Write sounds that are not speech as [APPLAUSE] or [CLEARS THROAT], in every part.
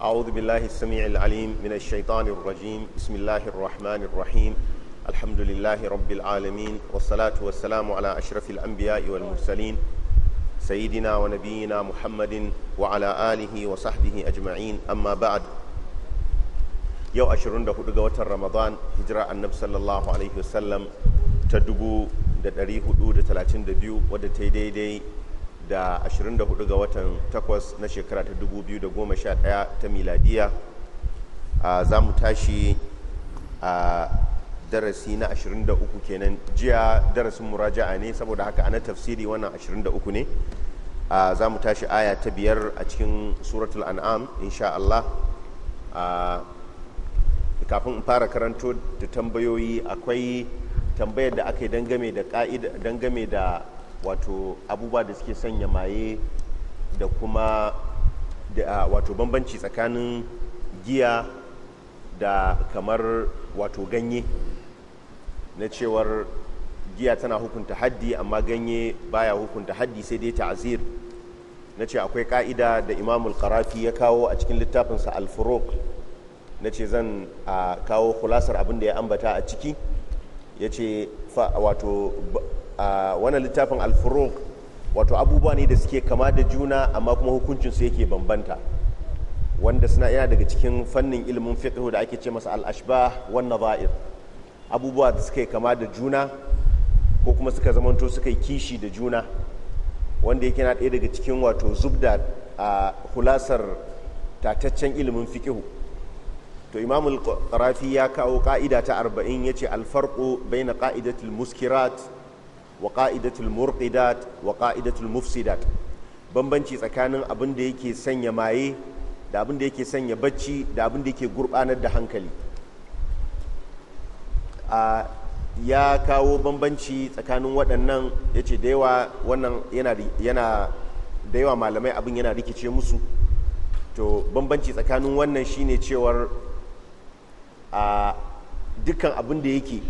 أعوذ بالله السميع العليم من الشيطان الرجيم بسم الله الرحمن الرحيم الحمد لله رب العالمين والصلاة والسلام على أشرف الأنبياء والمرسلين سيدنا ونبينا محمد وعلى آله وصحبه أجمعين أما بعد yau 24 ga watan ramadan hijira annabi sallallahu alaihi wasallam ta 432 wadda ta yi daidai da 24 ga watan 8 na shekara ta 2011 ta miladiya za mu tashi a darasi na 23 kenan jiya darasin muraja'a ne saboda haka ana tafsiri wannan 23 ne za mu tashi aya ta biyar a cikin suratul an'am insha Allah kafin in fara karanto da tambayoyi akwai tambayar da aka yi dangame da wato abubuwa da suke sanya maye da kuma da wato bambanci tsakanin giya da kamar wato ganye na cewar giya tana hukunta haddi amma ganye baya hukunta haddi sai dai ta'azir na ce akwai ka'ida da imamul karafi ya kawo a cikin littafinsa alfurok na ce zan kawo kulasar abinda ya ambata a ciki ya ce wato wannan littafin alfuruk wato abubuwa ne da suke kama da juna amma kuma hukuncinsu yake bambanta wanda suna yana daga cikin fannin ilimin fiqh da ake ce masa al'ashba wannan wan abubuwa da suka kama da juna ko kuma suka zamanto suka yi kishi da juna wanda yake na ɗaya daga cikin wato zubda a hulasar tataccen ilimin fiqh to imam al-qarafi ya kawo ka'ida ta 40 yace al-farqu bayna qa'idatil muskirat wa qa'idatul murqidat wa qa'idatul mufsidat bambanci tsakanin abin da yake sanya maye da abin da yake sanya bacci da abin da yake gurbanar da hankali a ya kawo bambanci tsakanin waɗannan ya ce da yawa wannan yana da yawa malamai abin yana rikice musu to bambanci tsakanin wannan shine cewar a dukkan abin da yake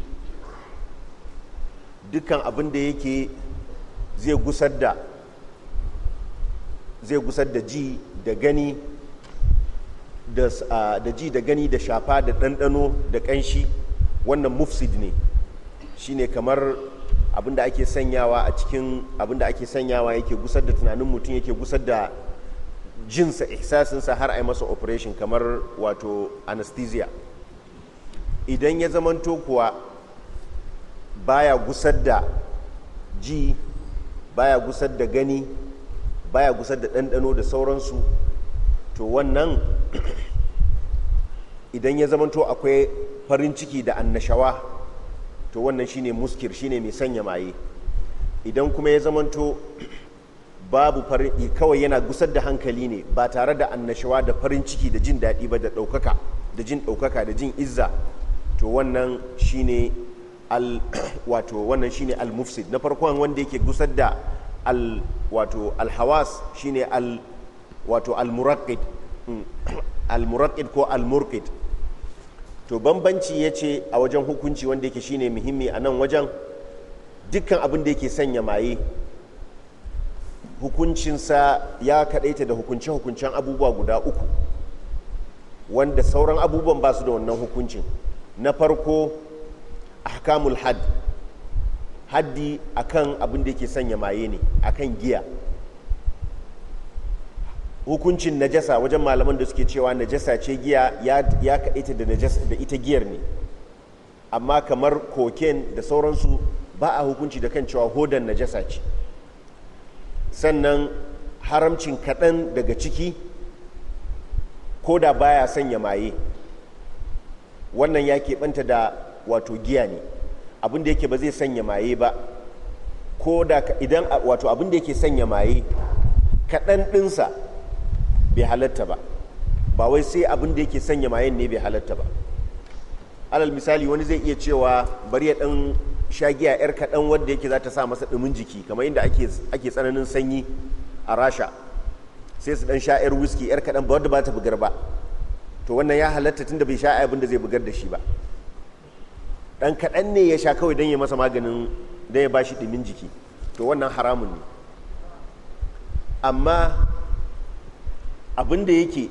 dukkan abin da yake zai gusar da zai gusar da ji da gani da ji da gani da shafa da ɗanɗano da ƙanshi wannan mufsid ne shine kamar abin da ake sanyawa a cikin abin da ake sanyawa yake gusar da tunanin mutum yake gusar da jinsa ihsasinsa har a masa operation kamar wato anesthesia idan ya zamanto kuwa baya gusar da ji baya gusar da gani baya gusar da ɗanɗano da sauransu to wannan [CLEARS THROAT] idan ya zamanto akwai farin ciki da annashawa to wannan shine muskir shine mai sanya maye idan kuma ya zamanto [CLEARS THROAT] babu farin kawai yana gusar da hankali ne ba tare da annashawa da farin ciki da jin daɗi ba da ɗaukaka da jin ɗaukaka da jin izza to wannan shine al [CLEARS THROAT] wato wannan shine al mufsid na farkon wanda yake gusar da al wato al hawas shine al wato al muraqqid mm. [CLEARS THROAT] al muraqqid ko al murqid to bambanci yace a wajen hukunci wanda yake shine muhimmi a nan wajen dukkan abin da yake sanya maye hukuncinsa ya kadaita da hukunce-hukuncen abubuwa guda uku wanda sauran abubuwan ba su da wannan hukuncin na farko ahkamul had haddi akan abin da yake sanya maye ne akan giya hukuncin najasa wajen malaman da suke cewa najasa ce giya ya ita da da ita giyar ne amma kamar koken da sauransu ba a hukunci da kan cewa hodan najasa ce sannan haramcin kaɗan daga ciki ko da baya sanya maye wannan ya keɓanta da wato giya ne abin da yake ba zai sanya maye ba ko da idan wato abin da yake sanya maye kaɗan ɗinsa bai halatta ba ba wai sai abin da yake sanya maye ne bai halatta ba alal misali wani zai iya cewa bari ya ɗan sha giya 'yar kaɗan wadda yake za ta sa masa ɗumin jiki kamar inda ake tsananin sanyi a rasha sai su ɗan sha 'yar whisky 'yar kaɗan ba wadda ba ta bugar ba to wannan ya halatta tunda bai sha abin da zai bugar da shi ba ɗan kaɗan ne ya sha kawai don ya masa maganin don ya ba shi ɗimin jiki to wannan haramun ne amma abin da yake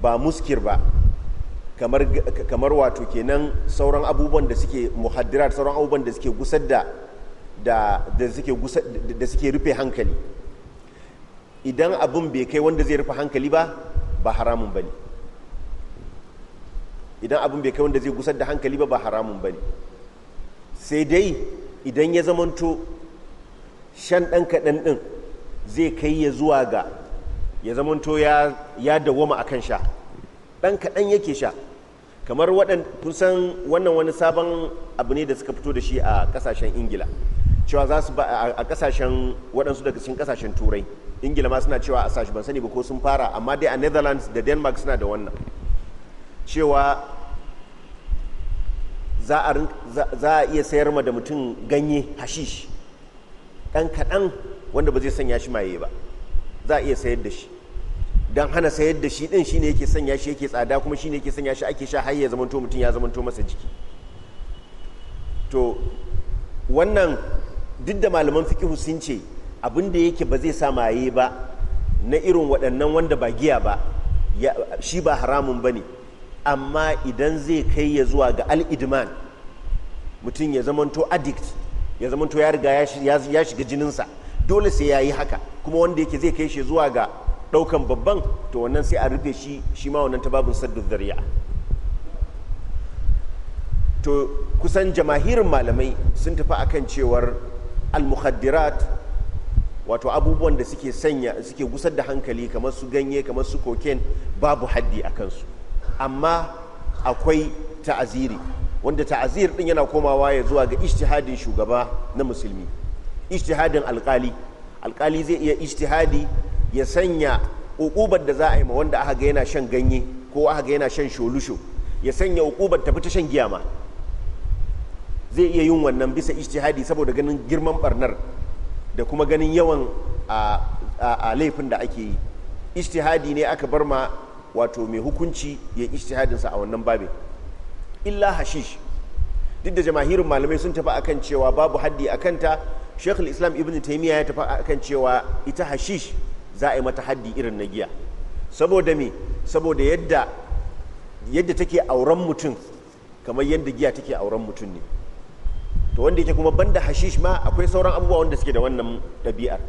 ba muskir ba kamar, wato kenan sauran abubuwan da suke muhaddirat sauran abubuwan da suke gusar da da suke rufe hankali idan abin bai kai wanda zai rufe hankali ba ba haramun ba ne idan abin bai kai wanda zai gusar da hankali ba ba haramun ba ne sai dai idan ya zamanto shan ɗan kaɗan ɗin zai kai ya zuwa ga ya zamanto ya dawoma a kan sha ɗan kaɗan yake sha kamar waɗan kusan wannan wani sabon abu ne da suka fito da shi a ƙasashen ingila cewa za su ba a ƙasashen waɗansu daga cikin ƙasashen turai ingila ma suna cewa a sashi ban sani ba ko sun fara amma dai a netherlands da denmark suna da wannan cewa za a iya sayar ma da mutum ganye hashish ɗan kaɗan wanda ba zai sanya shi maye ba za a iya sayar da shi don hana sayar da shi ɗin shine yake sanya shi yake tsada kuma shine yake sanya shi ake sha har ya zamanto mutum ya zamanto masa jiki to wannan duk da malaman fikihu sun ce abin da yake ba zai sa maye ba na irin waɗannan wanda ba giya ba shi ba haramun ba ne amma idan zai kai ya zuwa ga al'idman mutum ya zamanto addict ya zamanto ya riga ya shiga jininsa dole sai ya yi haka kuma wanda yake zai kai shi zuwa ga ɗaukan babban to wannan sai a rufe shi shi ma wannan ta babin saddu zariya to kusan jamahirin malamai sun tafi akan cewar al muhaddirat wato abubuwan da suke sanya suke gusar da hankali kamar su ganye kamar su koken babu haddi a kansu amma akwai ta'aziri wanda ta'aziri din yana komawa ya zuwa ga ijtihadin shugaba na musulmi ijtihadin alkali alkali zai iya ijtihadi ya sanya ukubar da za a yi ma wanda aka ga yana shan ganye ko aka ga yana shan sholusho ya sanya ukubar tafi ta shan giya ma zai iya yin wannan bisa ijtihadi saboda ganin girman barnar da kuma ganin yawan a laifin da ake yi ijtihadi ne aka bar ma wato mai hukunci ya sa a wannan babin illa hashish duk da jamahirin malamai sun tafi akan cewa babu haddi a kanta shekul islam ibn taimiyya ya tafi akan cewa ita hashish za a yi mata haddi irin na giya saboda me saboda yadda yadda take auren mutum kamar yadda giya take auren mutum ne to wanda yake kuma banda hashish ma akwai sauran abubuwa wanda suke da wannan ɗabi'ar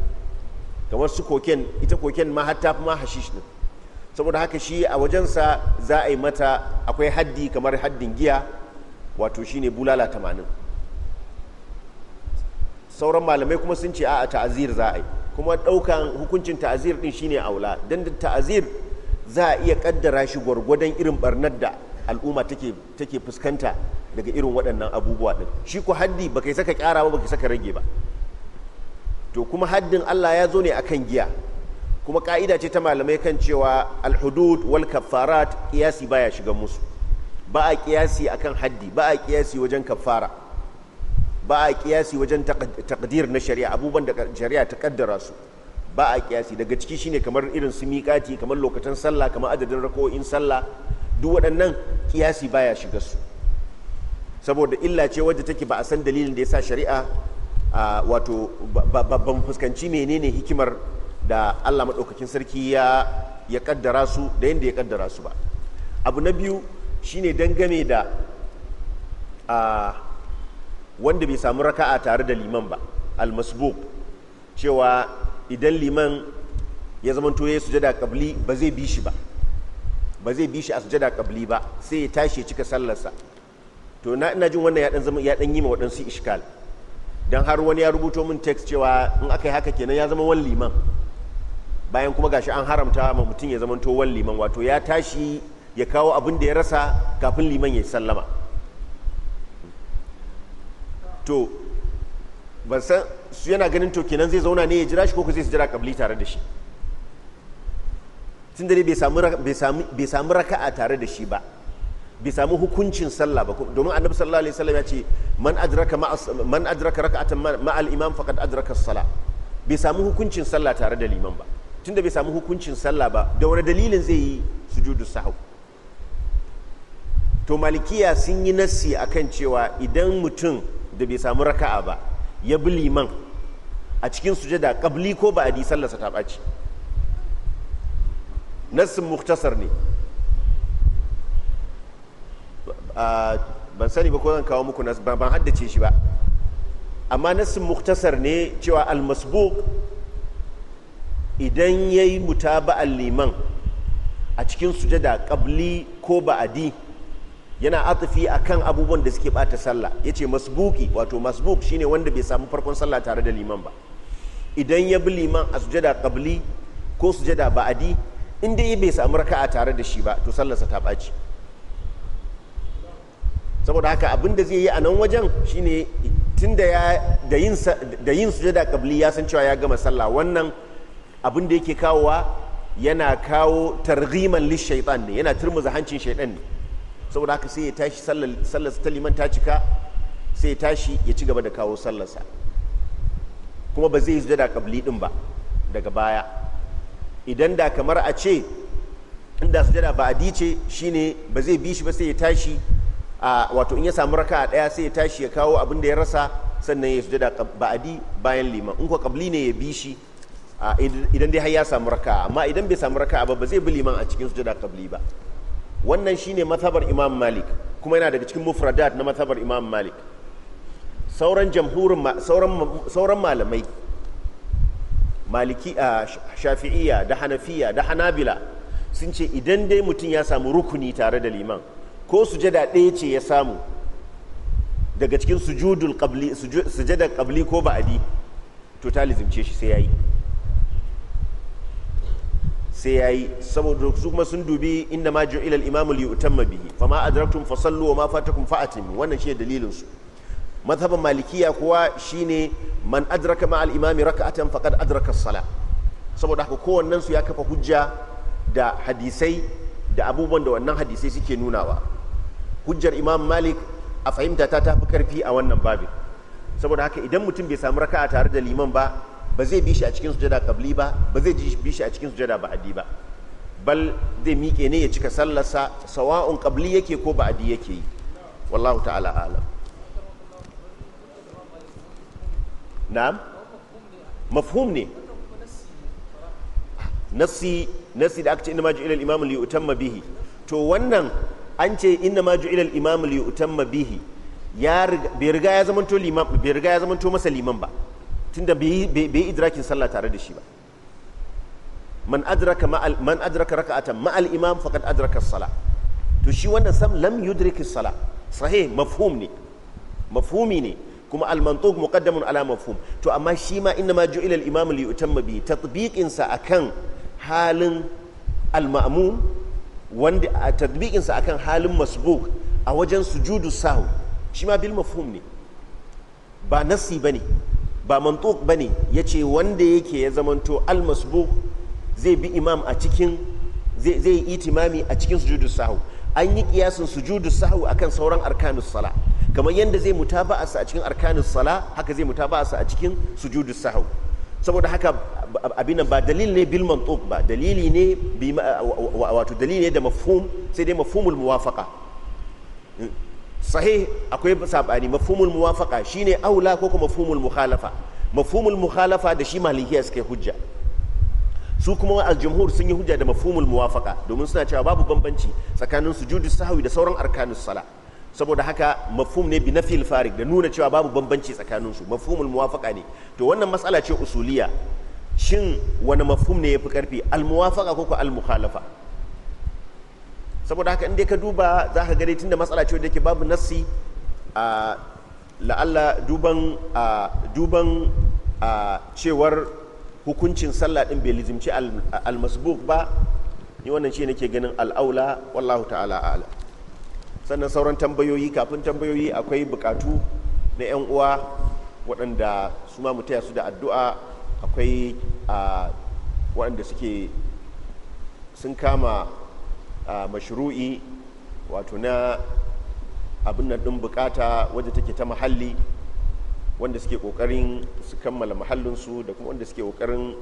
kamar su koken ita koken ma hatta ma hashish ne saboda haka shi a wajensa za a yi mata akwai haddi kamar haddin giya wato shine bulala tamanin sauran malamai kuma sun ce a ta'azir za a yi kuma ɗaukan hukuncin ta'azir ɗin shine aula don da ta'azir za a iya ƙaddara shi gwargwadon irin barnar da al'umma take fuskanta daga irin waɗannan abubuwa ɗin shi ku haddi ba kai saka ƙyara ba ba kai saka rage ba to kuma haddin allah ya zo ne akan giya kuma ka'ida ce ta malamai kan cewa alhudud wal kafarat kiyasi baya shiga musu ba a kiyasi akan haddi ba a kiyasi wajen kafara ba a kiyasi wajen takdir na shari'a abubuwan da shari'a ta kaddara su ba a kiyasi daga ciki shine kamar irin su miƙati kamar lokacin sallah kamar adadin rako'in sallah duk waɗannan kiyasi baya shiga su saboda illa ce wadda take ba a san dalilin da yasa shari'a wato ban fuskanci menene hikimar da Allah maɗaukakin sarki ya kaddara su da yadda ya kaddara su ba abu na biyu shine dangane da wanda bai samu raka'a tare da liman ba almasbuk cewa idan liman ya zamanto ya sujada kabli ba zai bi shi ba ba zai bi shi a sujada kabli ba sai ya tashi ya cika sallarsa to na ina jin wannan ya dan zama ya yi ma waɗansu iskal dan har wani ya rubuto min text cewa in aka yi haka kenan ya zama wani liman bayan kuma gashi an haramta ma mutum ya zamanto wan liman wato ya tashi ya kawo abin da ya rasa kafin liman ya sallama to ban san su yana ganin to kenan zai zauna ne ya jira shi ko zai jira kabli tare da shi tun da bai samu raka'a tare da shi ba bai samu hukuncin sallah ba domin annabi sallallahu alaihi wasallam ya ce man adraka man adraka raka'atan al imam faqad adraka as-salah bai samu hukuncin sallah tare da liman ba da bai samu hukuncin sallah ba da wani dalilin zai yi sujudu sahau to malikiya sun yi nassi akan cewa idan mutum da bai samu raka'a ba ya bi liman a cikin sujada kabli ko ba di sallarsa ta ɓaci nassin muktasar ne ban sani ba ko zan kawo muku nas ban haddace shi ba amma nassin muktasar ne cewa almasbuq idan ya yi mutaba'an liman a cikin sujada kabli ko ba'adi yana atufi a kan abubuwan da suke bata sallah ya ce masbuki wato masbuk shine wanda bai samu farkon sallah tare da liman ba idan ya bi liman a sujada kabli ko sujada ba'adi in dai bai samu raka'a tare da shi ba to sallarsa ta baci saboda haka abin da zai yi a nan wajen shine tun da yin sujada kabli ya san cewa ya gama sallah wannan abin da yake kawowa yana kawo targhiman lish shaitan ne yana turmuza hancin shaitan ne saboda haka sai ya tashi sallar ta liman ta cika sai ya tashi ya ci gaba da kawo sallarsa kuma ba zai sujada kabli din ba daga baya idan da kamar a ce inda sujada ba a ce shine ba zai bi shi ba sai ya tashi a wato in ya samu raka a daya sai ya tashi ya kawo abin da ya rasa sannan ya sujada ba'adi bayan liman in ko kabli ne ya bi shi idan dai har ya samu raka amma idan bai samu raka ba ba zai bi liman a cikin sujada qabli ba wannan shine mazhabar imam malik kuma yana daga cikin mufradat na mazhabar imam malik sauran jamhurin sauran malamai maliki a shafi'iyya da hanafiya da hanabila sun ce idan dai mutum ya samu rukuni tare da liman ko sujada ɗaya ce ya samu daga cikin sujudul qabli sujada ko ba'adi to ta lizimce shi sai yayi sai yayi saboda su kuma sun dubi inda ma ju'ila al-imamu li utamma bihi fama adraktum fasallu wa ma fatakum fa'atim wannan shi dalilin su madhhabin malikiya kuwa shine man adraka ma al-imami raka'atan faqad adraka as saboda haka kowannen su ya kafa hujja da hadisai da abubuwan da wannan hadisai suke nunawa hujjar imam malik a fahimta ta tafi karfi a wannan babin saboda haka idan mutum bai samu raka'a tare da liman ba ba zai bi shi a cikin sujada kabli ba ba zai bi shi a cikin sujada ba'adi ba bal zai miƙe ne ya cika sallarsa sawa'un kabli yake ko ba'adi yake yi wallahu ta'ala alam na'am mafhum ne nasi nasi da aka ce inna ma ju'ila al-imamu li yutamma bihi to wannan an ce inna ma ju'ila al-imamu li yutamma bihi ya bai riga ya zamanto liman bai riga ya zamanto masa liman ba tunda bai yi idrakin sallah tare da shi ba man adraka ma'al man adraka raka'atan ma'al imam faqad adraka as-sala to shi wannan sam lam yudrik as-sala sahih mafhum ne mafhumi ne kuma al-mantuq muqaddamun ala mafhum to amma shi ma inna ma ju'ila al-imam li yutamma bi tatbiqin sa akan halin al-ma'mum wanda tatbiqin sa akan halin masbuk a wajen sujudu sahu shi ma bil mafhum ne ba nasi bane ba mantuk ya ce wanda yake ya zamanto almasbu zai bi imam a cikin zai yi itimami a cikin sujudu sahu an yi kiyasin sujudu sahu akan sauran arkanus sala kamar yadda zai mutaba'arsa a cikin arkanus sala haka zai mutaba'arsa a cikin sujudu sahu saboda haka abin ba dalil ne bil mantuq ba dalili ne wato dalili ne da mafhum sai dai mafhumul muwafaqa hmm. sahih akwai sabani mafhumul muwafaqa shine aula ko kuma mafhumul mukhalafa mafhumul mukhalafa da shi malikiya suke hujja su kuma aljumhur sun yi hujja da mafhumul muwafaqa domin suna cewa babu bambanci tsakanin sujudu sahwi da sauran arkanus sala saboda haka mafhum ne bi nafil farik da nuna cewa babu bambanci tsakanin su mafhumul muwafaqa ne to wannan matsala ce usuliya shin wani mafhum ne yafi karfi al muwafaqa ko al mukhalafa saboda haka inda ka duba za ka gani tunda matsala ce wadda ke babu nassi a la'alla duban a duban a cewar hukuncin sallah din bai lizimci almasbuk ba ni wannan shi nake ganin al'aula wallahu ta'ala ala sannan sauran tambayoyi kafin tambayoyi akwai bukatu na 'yan uwa waɗanda su ma mu su da addu'a akwai waɗanda suke sun kama a mashru'i wato na abin nan ɗin bukata wadda take ta mahalli wanda suke ƙoƙarin su kammala mahallinsu da kuma wanda suke ƙoƙarin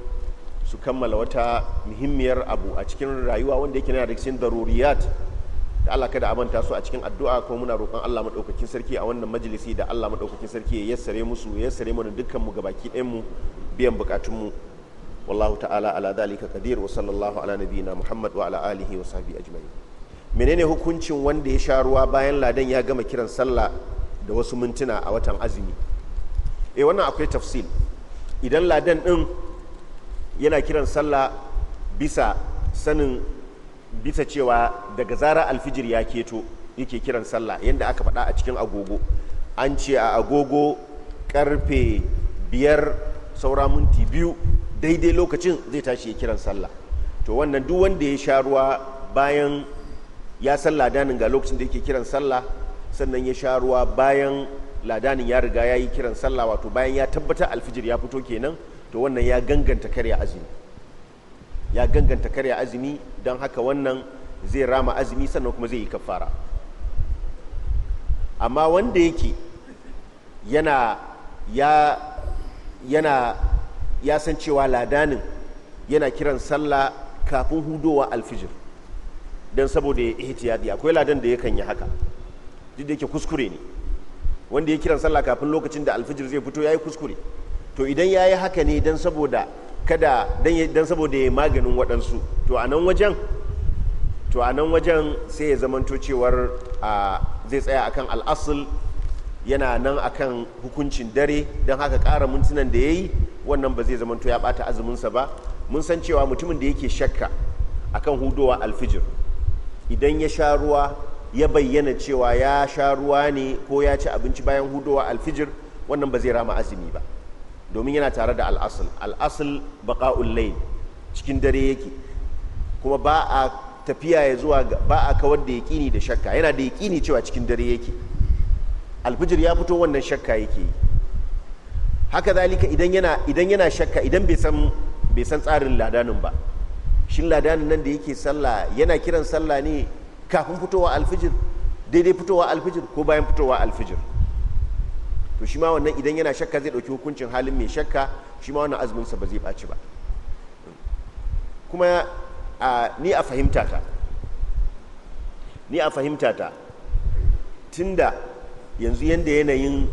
su kammala wata muhimmiyar abu a cikin rayuwa wanda yake na da cikin daruriyat da Allah kada manta su a cikin addu'a ko muna roƙon Allah madaukakin sarki a wannan majalisi da Allah madaukakin sarki ya yassare musu ya yassare mana dukkan mu gabaki ɗayan mu biyan bukatun mu wallahu ta'ala ala dhalika qadir wa sallallahu ala nabiyyina muhammad wa ala alihi wa sahbihi ajma'in menene hukuncin wanda ya sha ruwa bayan ladan ya gama kiran sallah da wasu mintuna a watan azumi eh wannan akwai tafsil idan ladan din yana kiran sallah bisa sanin bisa cewa daga zara alfijir ya keto yake kiran sallah yanda aka faɗa a cikin agogo an ce a agogo karfe biyar saura minti biyu daidai lokacin zai tashi ya kiran sallah to wannan duk wanda ya sha ruwa bayan ya san ladanin ga lokacin da yake kiran sallah sannan ya sha ruwa bayan ladanin ya riga ya yi kiran sallah wato bayan ya tabbata alfijir ya fito kenan to wannan ya ganganta karya azumi ya ganganta karya azumi don haka wannan zai rama azumi sannan kuma zai yi kafara amma wanda yake yana ya yana ya san cewa ladanin yana kiran sallah kafin hudowa alfijir don saboda ya ihtiyadi akwai ladan da yakan yi haka duk da yake kuskure ne wanda ya kiran sallah kafin lokacin da alfijir zai fito ya yi kuskure to idan ya yi haka ne don saboda kada don saboda ya maganin waɗansu to a nan wajen to a nan wajen sai ya zamanto cewar zai tsaya akan al'asul yana nan akan hukuncin dare don haka ƙara mintunan da ya yi wannan ba zai zamanto ya ɓata azuminsa ba mun san cewa mutumin da yake shakka akan hudowa alfijir idan ya sha ruwa ya bayyana cewa ya sha ruwa ne ko ya ci abinci bayan hudowa alfijir wannan ba zai rama azumi ba domin yana tare da al'asul al'asul baqa'ul layl cikin dare yake kuma ba a tafiya ya zuwa ba a kawar da yaƙini da shakka yana da yaƙini cewa cikin dare yake alfijir ya fito wannan shakka yake yi haka zalika idan yana idan yana shakka idan bai san bai san tsarin ladanin ba shin ladanin nan da yake sallah yana kiran sallah ne kafin fitowa alfijir daidai fitowa alfijir ko bayan fitowa alfijir to shi ma wannan idan yana shakka zai ɗauki hukuncin halin mai shakka shi ma wannan azuminsa ba zai ɓaci ba kuma ni a fahimtata ni a tunda yanzu yadda yanayin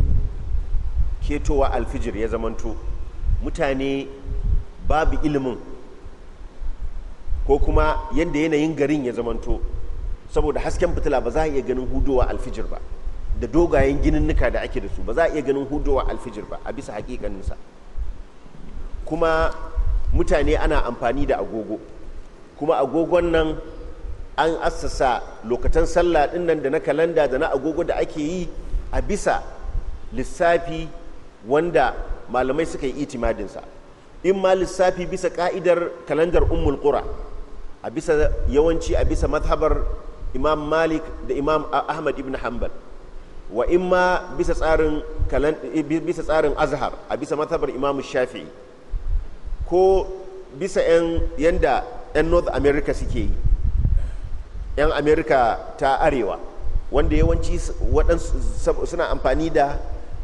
ketowa alfijir ya zamanto mutane babu ilimin ko kuma yadda yanayin garin ya zamanto saboda hasken fitila ba za a iya ganin hudowa alfijir ba da dogayen gininnuka da ake da su ba za a iya ganin hudowa alfijir ba a bisa hakikaninsa kuma mutane ana amfani da agogo kuma agogon nan an assasa lokacin sallah din nan da na kalanda da na agogo da ake yi a bisa lissafi wanda malamai suka yi itimadinsa in ma lissafi bisa ka'idar kalandar ummul qura a bisa yawanci a bisa mazhabar imam malik da imam ahmad ibn hanbal wa in ma bisa tsarin bisa azhar a bisa mazhabar imam shafi'i ko bisa yan yanda yan north america suke yi yan america ta arewa wanda yawanci suna amfani da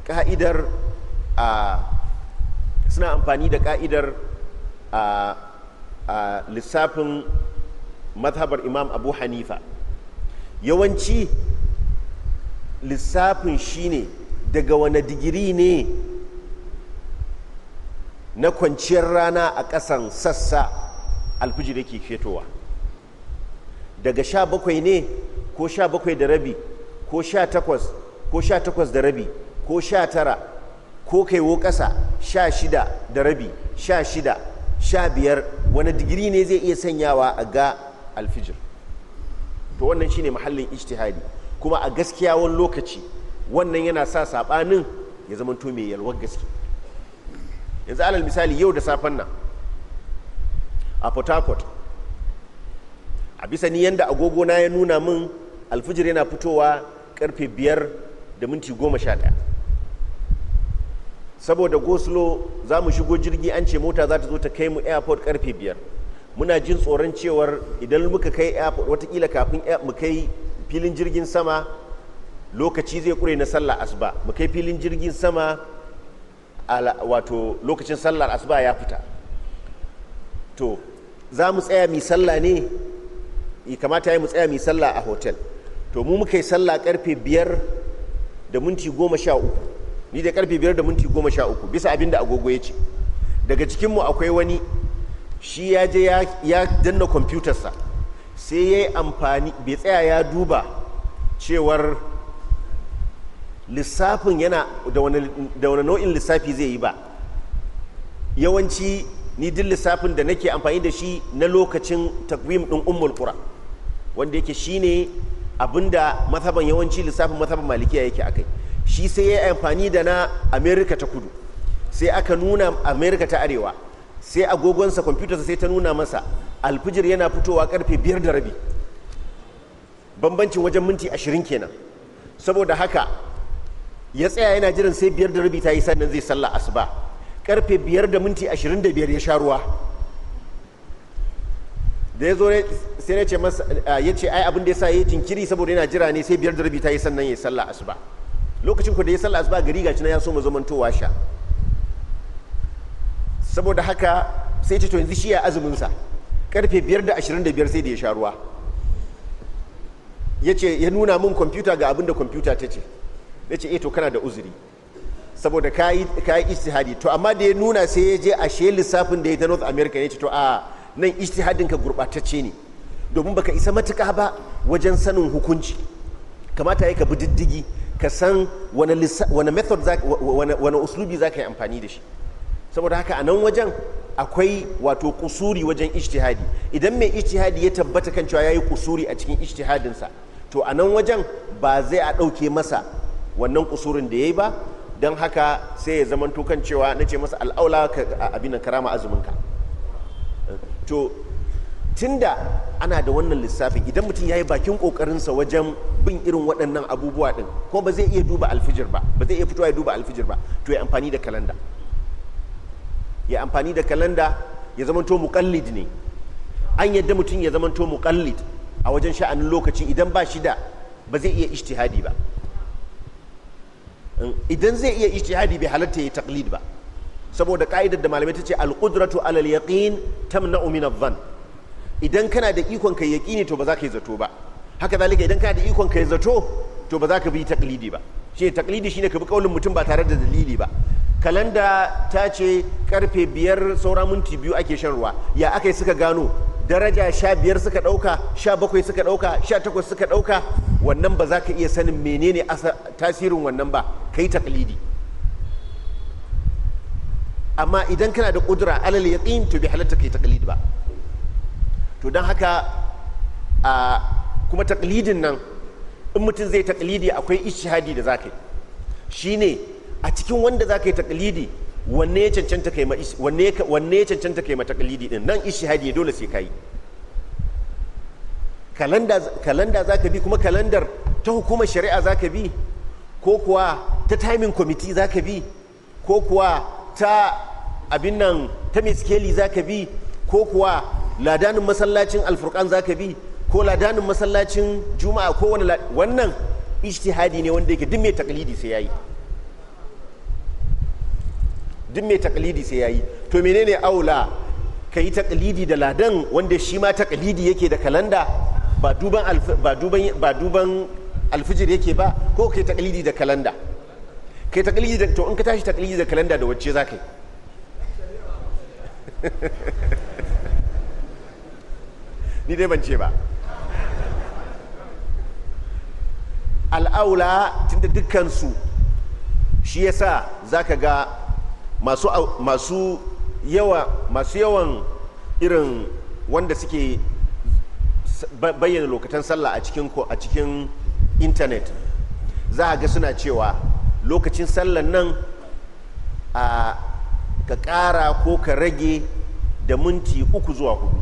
ka'idar a suna amfani da ka'idar a lissafin mazhabar imam abu hanifa yawanci lissafin shine daga wane digiri ne na kwanciyar rana a ƙasan sassa alfijir yake fetowa daga sha bakwai ne ko sha bakwai da rabi ko sha takwas ko sha takwas da rabi ko sha tara ko kaiwo ƙasa sha shida da rabi sha shida sha biyar wani digiri ne zai iya sanyawa a ga alfijir to wannan shine mahallin ijtihadi kuma a gaskiya wani lokaci wannan yana sa saɓanin ya zama to mai yalwar gaske yanzu alal misali yau da safen nan a port harcourt a bisa ni yanda na ya nuna min alfijir yana fitowa karfe biyar da minti goma sha ɗaya saboda goslo za mu shigo jirgi an ce mota za ta zo ta kai mu airport karfe biyar muna jin tsoron cewar idan muka kai airport watakila kafin mu kai filin jirgin sama lokaci zai kure na sallar asuba mu kai filin jirgin sama wato lokacin sallar asuba ya fita to za mu tsaya mi sallah ne kamata ya mu tsaya mu sallah a hotel to mu muka yi sallah karfe biyar da minti goma sha uku ni da karfe biyar da minti goma bisa abin da agogo ya ce daga cikinmu akwai wani shi ya je ya danna kwamfutarsa sai ya yi amfani bai tsaya ya duba cewar lissafin yana da wani nau'in lissafi zai yi ba yawanci ni duk lissafin da nake amfani da shi na lokacin takwim din ummul wanda yake shi ne abin da mazhaban yawanci lissafin mazhaban malikiya yake a kai shi sai ya amfani da na america ta kudu sai aka nuna america ta arewa sai agogonsa kwamfutarsa sai ta nuna masa alfijir yana fitowa karfe biyar da rabi bambancin wajen minti ashirin kenan saboda haka ya tsaya yana jiran sai biyar da rabi ta yi sannan zai sallah asuba karfe biyar da minti ashirin da biyar ya sha ruwa da ya zo sai ya ce masa eh, ya ce ai abin da ya sa ya yi jinkiri saboda yana jira ne sai biyar da rabi ta yi sannan ya yi sallah asuba lokacin ku da ya sallah asuba gari gaci na ya so mu zamantowa sha saboda haka sai ce to yanzu shi ya azumin sa karfe biyar da ashirin da biyar sai da ya sha ruwa ya ce ya nuna min kwamfuta ga abin da kwamfuta ta ce ya ce eh, to kana da uzuri saboda ka yi istihadi to amma da ya nuna sai ya je ashe lissafin da ya ta north america ya ce to a nan ka gurɓatacce ne domin baka isa matuka ba wajen sanin hukunci kamata ya ka bi diddigi ka san wani method wani uslubi za ka yi amfani da shi saboda haka a nan wajen akwai wato kusuri wajen ijtihadi idan mai ijtihadi ya tabbata kan cewa ya yi kusuri a cikin ijtihadinsa to a nan wajen ba zai a ɗauke masa wannan kusurin da ya yi ba don haka sai ya zamanto kan cewa na ce masa al'aula ka abin karama azuminka to tunda ana da wannan lissafin idan mutum ya yi bakin kokarinsa wajen bin irin waɗannan abubuwa ɗin ko ba zai iya duba alfijir ba ba zai iya fitowa ya duba alfijir ba to ya amfani da kalanda ya amfani da kalanda ya zamanto muƙallid ne an yadda mutum ya zamanto muƙallid a wajen sha'anin lokaci idan ba shi da ba zai iya ishtihadi ba idan zai iya ishtihadi bai halatta ya taklid ba saboda ka'idar da malamai ta ce alƙudratu alal yaqin tamna'u min adh idan kana da ikon kai yaqini to ba za ka yi zato ba haka zalika idan kana da ikon kai zato to ba za ka bi taklidi ba shi taklidi shine ka bi kaulin mutum ba tare da dalili ba kalanda ta ce karfe biyar saura minti biyu ake shan ruwa ya aka yi suka gano daraja sha biyar suka ɗauka sha bakwai suka ɗauka sha takwas suka ɗauka wannan ba za ka iya sanin menene tasirin wannan ba ka yi taklidi amma idan kana da ƙudura alal yaqin to bai halatta kai taqlid ba to don haka a kuma taqlidin nan in mutum zai taqlidi akwai ishihadi da zaka yi shine a cikin wanda zaka yi taqlidi wanne ya cancanta kai ma wanne wanne ya cancanta kai ma taqlidi din nan ishihadi dole sai kai kalanda kalanda zaka bi kuma kalandar ta hukumar shari'a zaka bi ko kuwa ta timing committee zaka bi ko kuwa ta abin nan ta miskeli za ka bi ko kuwa ladanin masallacin alfurkan za ka bi ko ladanin masallacin juma'a ko wani wannan ishtihadi ne wanda yake duk mai taklidi sai yayi duk mai taklidi sai yayi to menene aula ka yi taklidi da ladan wanda shi ma taklidi yake da kalanda ba duban alfijir yake ba ko ka yi taklidi da kalanda kai kalli da to in ka tashi kalli da kalanda da wacce za yi [LAUGHS] ni dai ban ce ba al'aula tunda dukkansu shi yasa za ka ga masu, yawa masu yawan irin wanda suke bayyana lokacin sallah a cikin intanet za a ga suna cewa lokacin sallan nan a ka ƙara ko ka rage da minti uku zuwa hudu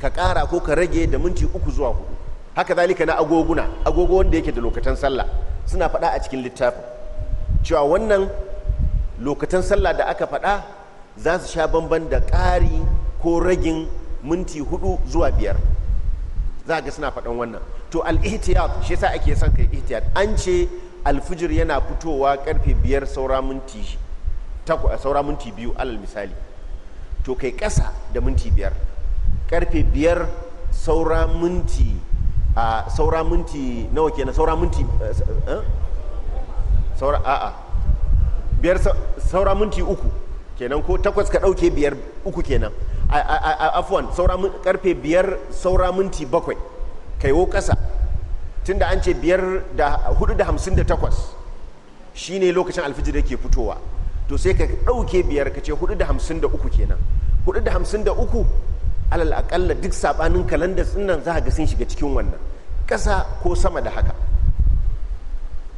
ka ƙara ko ka rage da minti uku zuwa hudu haka zalika na agoguna agogo wanda yake da lokacin sallah suna faɗa a cikin littafin cewa wannan lokacin sallah da aka faɗa za su sha bamban da ƙari ko ragin minti hudu zuwa biyar za ga suna faɗan wannan to al-ihtiyat shi yasa ake son kai ihtiyat an ce al-fujr yana fitowa karfe biyar saura minti saura minti biyu alal misali to kai ƙasa da minti biyar karfe biyar saura minti a saura minti nawa kenan saura minti eh, eh? saura a biyar saura minti uku kenan ko takwas ka ɗauke biyar uku kenan afwan saura karfe biyar saura minti bakwai kaiwo tun tunda an ce biyar da hudu da hamsin da takwas shine lokacin alfijir ke fitowa to sai ka ɗauke biyar ka ce hudu da hamsin da uku kenan hudu da hamsin da uku alal akalla duk sabanin kalandar nan za ga sun shiga cikin wannan ƙasa ko sama da haka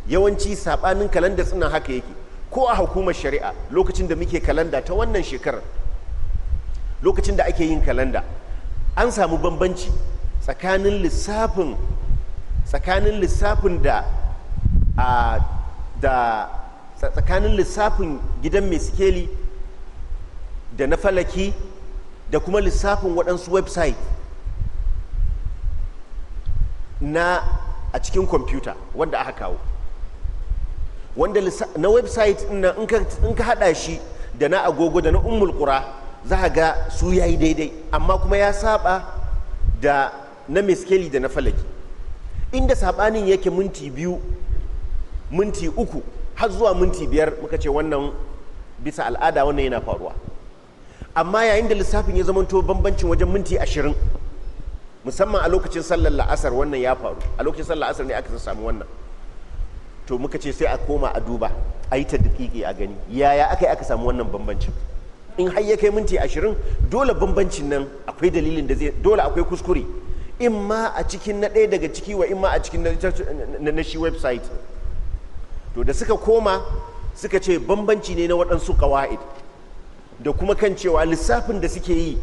yawanci sabanin kalandar nan haka yake ko a hukumar shari'a lokacin da muke kalanda ta wannan shekarar lokacin da ake yin kalanda an samu bambanci tsakanin lissafin tsakanin lissafin da da tsakanin lissafin gidan miskeli da na falaki da kuma lissafin waɗansu website na a cikin kwamfuta wanda aka kawo wanda na website na in ka hada shi da na agogo da na ummul qura za a ga su yayi daidai amma kuma ya saba da na meskeli da na falaki inda sabanin yake minti biyu minti uku har zuwa minti biyar muka ce wannan bisa al'ada wannan yana faruwa amma yayin da lissafin ya to bambancin wajen minti ashirin musamman a lokacin sallar la'asar wannan ya faru a lokacin sallar la'asar ne aka samu wannan to muka ce sai a koma a duba a yi ta a gani yaya aka yi aka samu wannan bambancin in har ya kai minti ashirin dole bambancin nan akwai dalilin da zai dole akwai kuskure in ma a cikin na ɗaya daga ciki wa in ma a cikin na shi website to da suka koma suka ce bambanci ne na waɗansu ƙawa'id da kuma kan cewa lissafin da suke yi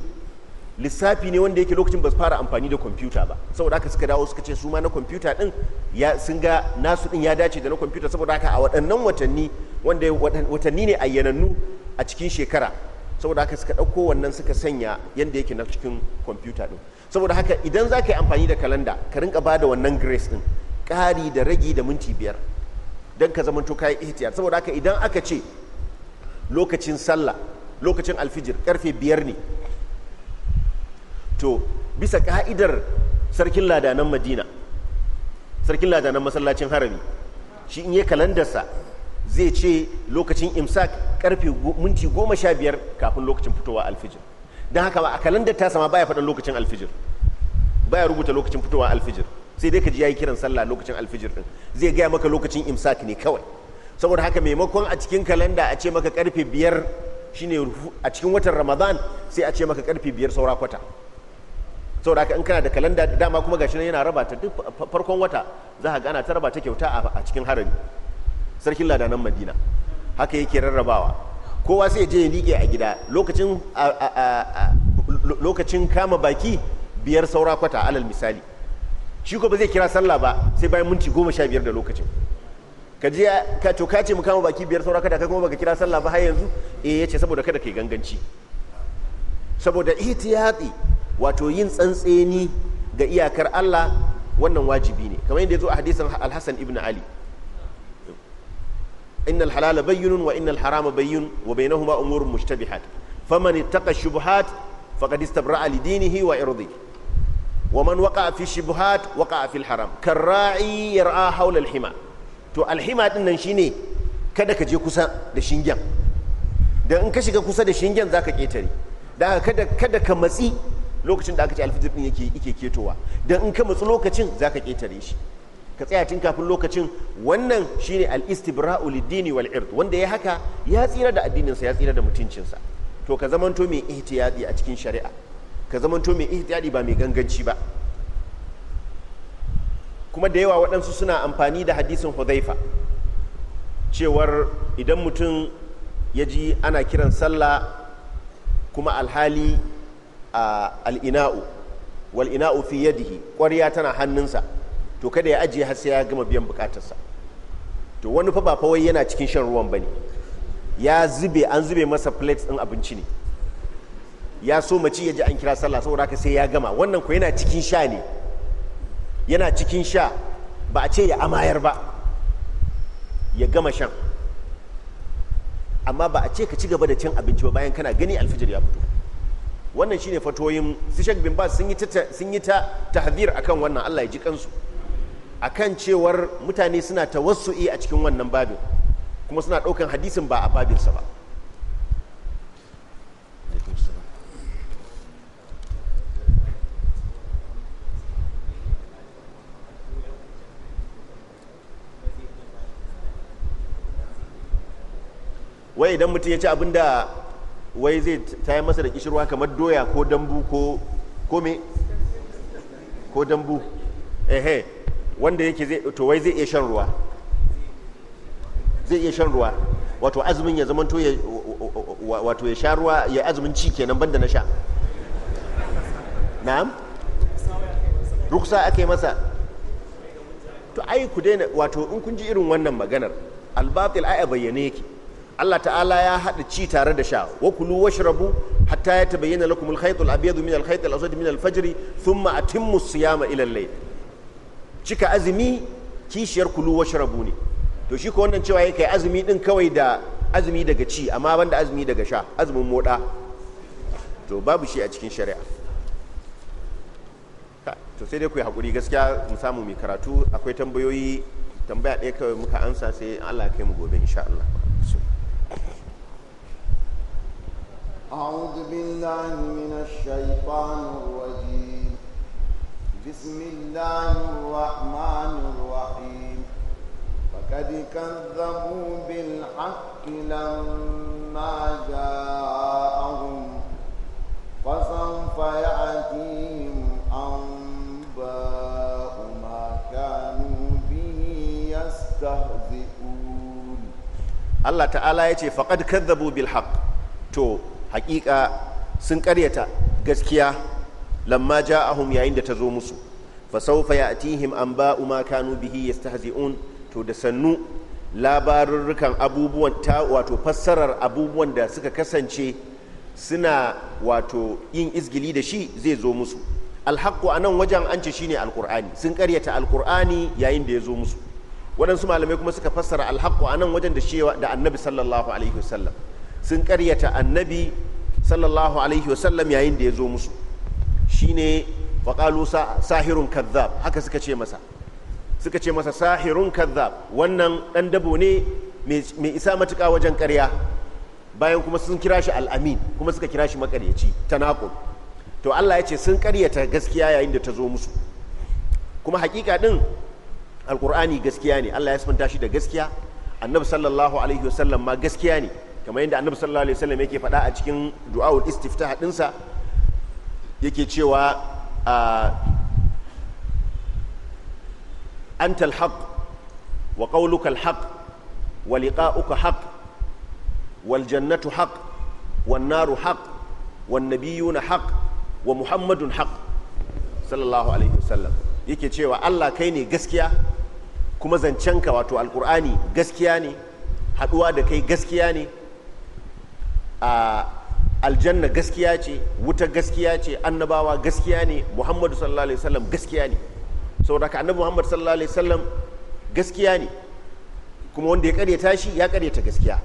lissafi ne wanda yake lokacin ba su fara amfani da kwamfuta ba saboda haka suka dawo suka ce su ma na kwamfuta din ya sun ga nasu ɗin ya dace da na kwamfuta saboda haka a waɗannan watanni wanda watanni ne ayyanannu a cikin shekara saboda haka suka ɗauko wannan suka sanya yadda yake na cikin kwamfuta ɗin saboda haka idan za ka yi amfani da kalanda ka rinka ba da wannan grace din ƙari da ragi da minti biyar don ka zamanto yi ihtiyar saboda haka idan aka ce lokacin sallah lokacin alfijir karfe biyar ne to bisa ka'idar sarkin ladanan madina sarkin ladanan masallacin harami shi in yi kalandarsa zai ce lokacin imsak karfe minti goma sha biyar kafin lokacin fitowa alfijir don haka ba a kalandar ta sama baya faɗin lokacin alfijir baya rubuta lokacin fitowa alfijir sai dai ka ji yayi kiran sallah lokacin alfijir din zai gaya maka lokacin imsak ne kawai saboda haka maimakon a cikin kalanda a ce maka karfe biyar shine a cikin watan ramadan sai a ce maka karfe biyar saura kwata saboda haka in kana da kalanda dama kuma gashi yana raba ta duk farkon wata za ka gana ta raba ta kyauta a cikin harami sarkin ladanan madina haka yake rarrabawa kowa sai je ya liƙe a gida lokacin lokacin kama baki biyar saura kwata alal misali shi ko ba zai kira sallah ba sai bayan minti goma sha biyar da lokacin ka je ka to ka ce mu kama baki biyar saura kwata kai kuma baka kira sallah ba har yanzu eh yace saboda kada kai ganganci saboda ihtiyati wato yin tsantseni ga iyakar Allah wannan wajibi ne kamar yadda ya zo a hadisin Al-Hasan ibn Ali innal halala bayyinun wa innal harama bayyin wa bainahuma umurun mushtabihat faman ittaqa shubuhat faqad istabra'a li dinihi wa irdihi wa man waqa'a fi shubuhat waqa'a hima to al ɗinnan din nan shine kada ka je kusa da shingen dan in ka shiga kusa da shingen zaka ketare dan kada ka matsi lokacin da aka ce alfijir din yake yake ketowa da in ka matsi lokacin zaka ketare shi ka tsaya tun kafin lokacin wannan shine al-istibra'u lid-dini wal wanda ya haka ya tsira da addininsa ya tsira da mutuncinsa to ka zamanto mai ihtiyadi a cikin shari'a ka zamanto mai ihtiyadi ba mai ganganci ba kuma da yawa waɗansu suna amfani da hadisin hudhaifa cewar idan mutum ya ji ana kiran sallah kuma alhali a al'ina'u wal'ina'u fi yadihi ƙwarya tana hannunsa to kada ya ajiye har sai ya gama biyan bukatarsa to wani fa ba fa wai yana cikin shan ruwan bane ya zube an zube masa plates din abinci ne ya so mace ya ji an kira sallah saboda haka sai ya gama wannan ko yana cikin sha ne yana cikin sha ba a ce ya amayar ba ya gama shan amma ba a ce ka ci gaba da cin abinci ba bayan kana gani alfijir ya fito wannan shine fatoyin su shek bin ba sun yi ta tahzir akan wannan Allah ya ji kansu a kan cewar mutane suna ta wasu a cikin wannan babin kuma suna ɗaukan hadisin ba a babinsa ba wai idan mutum ya ci abin da wai zai yi masa da kishirwa kamar doya ko dambu ko kome ko dambu ehe wanda yake zai to wai zai iya shan ruwa zai iya shan ruwa wato azumin ya zamanto to wato ya sha ruwa ya azumin ci kenan banda na sha na'am ruksa ake masa to ai ku daina wato in kun ji irin wannan maganar albatil ai a bayyane yake Allah ta'ala ya haɗa ci tare da sha wa kulu washrabu hatta ya tabayyana lakum al-khayt al-abyad min al-khayt al-aswad min al-fajr thumma atimmu as-siyama ila al-layl cika azumi kishiyar kulu sharabu ne to shi ko wannan cewa yake azumi din kawai da azumi daga ci amma banda azumi daga sha azumin moda to babu shi a cikin shari'a to sai dai ku yi hakuri gaskiya mu samu mai karatu akwai tambayoyi tambaya ɗaya kawai muka amsa sai Allah kai mu gobe insha Allah أعوذ بالله من الشيطان الرجيم بسم الله الرحمن الرحيم فقد كذبوا بالحق لما جاءهم فسوف يأتيهم أنباء ما كانوا به يستهزئون الله تعالى يتي فقد كذبوا بالحق تو حقيقة سنكريتا gaskiya lamma ja'ahum yayin da ta zo musu fa sawfa ya'tihim anba'u ma kanu bihi yastahzi'un to da sannu labarurrukan abubuwan ta wato fassarar abubuwan da suka kasance suna wato yin izgili da shi zai zo musu alhaqqu anan wajen an ce shine alqur'ani sun karyata alqur'ani yayin da ya zo musu waɗansu malamai kuma suka fassara alhaqqu anan wajen da shewa da annabi sallallahu alaihi wasallam sun karyata annabi sallallahu alaihi wasallam yayin da ya zo musu shine faƙalu sahirun kazzab haka suka ce masa suka ce masa sahirun kazzab wannan ɗan dabo ne mai isa matuƙa wajen ƙarya bayan kuma sun kira shi al'amin kuma suka kira shi makaryaci tanakul to Allah ya ce sun ƙaryata gaskiya yayin da ta zo musu kuma hakika ɗin alƙur'ani gaskiya ne Allah ya sifanta shi da gaskiya annabi sallallahu alaihi wasallam ma gaskiya ne kamar yadda annabi sallallahu alaihi wasallam yake faɗa a cikin du'a'ul istiftah ɗinsa yake cewa ah, antal alhaq wa qawluka alhaq wa liqa'uka haq wal jannatu haq wan naru haq wan nabiyuna haq wa muhammadun haq sallallahu alaihi wasallam yake cewa Allah kai ne gaskiya kuma zancenka wato Alƙur'ani gaskiya ne haduwa da kai gaskiya ne a ah, aljanna gaskiya ce wuta gaskiya ce annabawa gaskiya ne muhammadu sallallahu alaihi wasallam gaskiya ne saboda ka annabi muhammadu sallallahu alaihi wasallam gaskiya ne kuma wanda ya karyata shi ya karyata gaskiya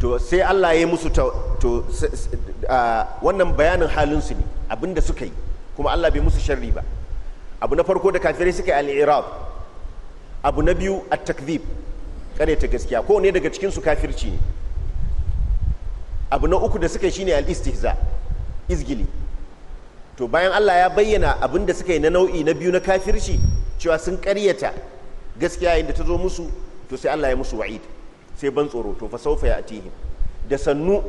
to sai Allah ya musu ta to wannan bayanin halin su ne abinda suka yi kuma Allah bai musu sharri ba abu na farko da kafirai suka yi al-irab abu na biyu at-takdhib karyata gaskiya ko ne daga cikin su kafirci ne abu na uku da suka shine al-istihza izgili to bayan Allah ya bayyana abin da suka yi na nau'i na biyu na kafirci cewa sun karyata gaskiya yadda ta zo musu to sai Allah ya musu wa'id sai ban tsoro to fa saufa ya'tihim da sannu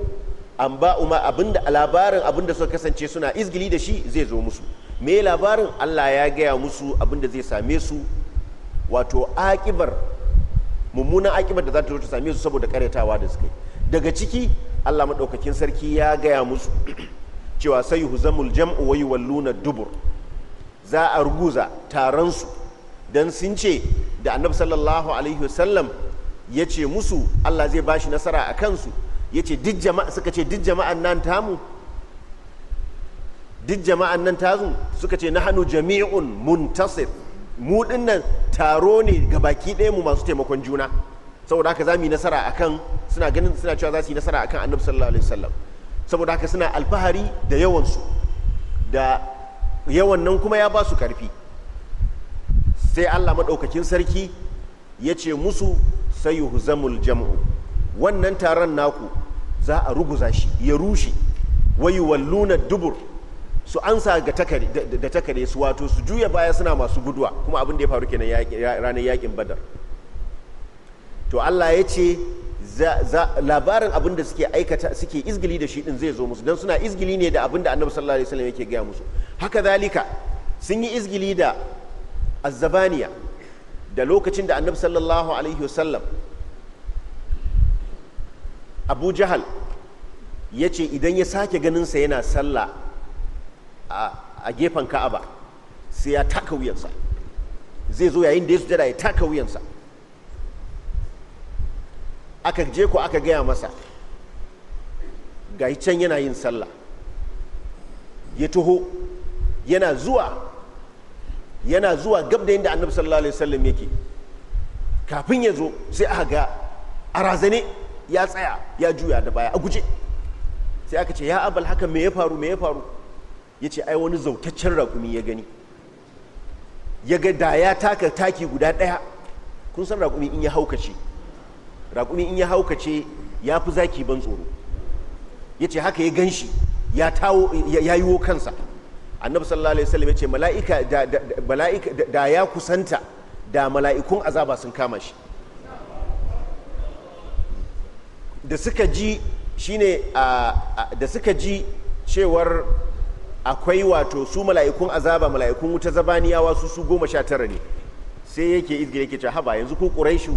an ba uma abinda labarin abinda suka kasance suna izgili da shi zai zo musu me labarin Allah ya gaya musu abinda zai same su wato akibar mummunan akibar da za ta zo ta same su saboda ƙaryatawa da suka yi daga ciki Allah maɗaukakin sarki ya gaya musu cewa sai huzamul jam'u wai walluna dubur za a ruguza taronsu don sun ce da annabi sallallahu alaihi wasallam ya ce musu Allah zai bashi nasara a kansu ya ce duk jama'a suka ce duk jama'an nan tamu duk jama'an nan tazu suka ce nahanu jami'un muntasir mu dinnan taro ne ga baki ɗaya mu masu taimakon juna saboda haka za mu yi nasara akan suna ganin suna cewa za su yi nasara akan annabi sallallahu alaihi wasallam saboda haka suna alfahari da yawansu da yawan nan kuma ya ba su karfi sai allah maɗaukakin sarki ya ce musu sai zamul jam'u wannan taron naku za a ruguza shi ya rushe wayu walluna dubur su ansa ga takare da takare su wato su juya baya suna masu guduwa kuma abin da ya faru kenan ranar yakin badar to Allah ya ce labarin abin da suke aikata suke izgili da shi din zai zo musu don suna izgili ne da abin da annabi sallallahu alaihi wasallam yake gaya musu haka zalika sun yi izgili da azzabaniya da lokacin da annabi sallallahu alaihi wasallam abu jahal ya ce idan ya sake ganin sa yana sallah a gefen ka'aba sai ya taka wuyansa zai zo yayin da ya su sujada ya taka wuyansa aka je ku aka gaya masa ga can yana yin sallah ya taho yana zuwa yana zuwa gab da inda annabi sallallahu alaihi wasallam yake kafin ya zo sai aka ga a razane ya tsaya ya juya da baya a guje sai aka ce ya abal haka me ya faru me ya faru ya ce ai wani zautaccen rakumi ya gani ya ga da ya taka taki guda ɗaya kun san raƙumi in ya haukace raƙumi in ya haukace ya fi zaki ban tsoro ya ce haka ya gan shi ya yiwo kansa annabi sallallahu alaihi wasallam ya ce mala'ika da ya kusanta da mala'ikun azaba sun kama shi da suka ji shine da suka ji cewar akwai wato su mala'ikun azaba mala'ikun wuta zabaniyawa su su goma sha tara ne sai yake izgire yake ce haba yanzu ko ƙuraishu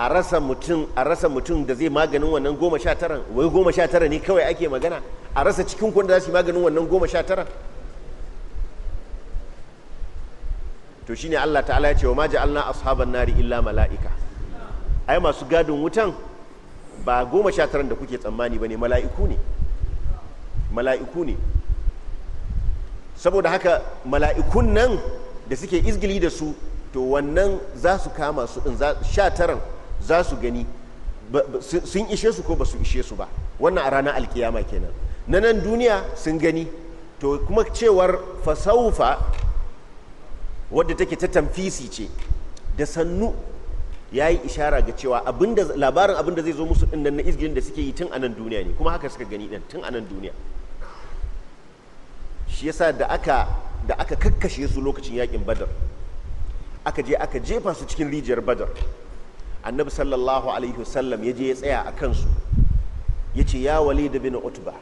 a rasa mutum a rasa mutum da zai maganin wannan goma sha taran wai goma sha tara ne kawai ake magana a rasa cikin kun da za su maganin wannan goma sha tara to shine Allah ta'ala ya ce wa ma ja'alna ashaban nari illa mala'ika ai masu gadin wutan ba goma sha taran da kuke tsammani bane mala'iku ne mala'iku ne saboda haka mala'ikun nan da suke izgili da su to wannan za su kama su in sha taran za su gani sun ishe su ko ba su ishe su ba wannan a ranar alkiyama kenan na nan duniya sun gani to kuma cewar fasaufa wadda take ta tamfisi ce da sannu ya yi ishara ga cewa labarin abin da zai zo musu ɗin na izgilin da suke yi tun anan duniya ne kuma haka suka gani ɗin tun anan duniya shi yasa da aka da aka kakkashe su lokacin yakin badar aka je aka jefa su cikin rijiyar badar annabi sallallahu alaihi wasallam ya je ya tsaya a kansu ya ce ya wali da bin utba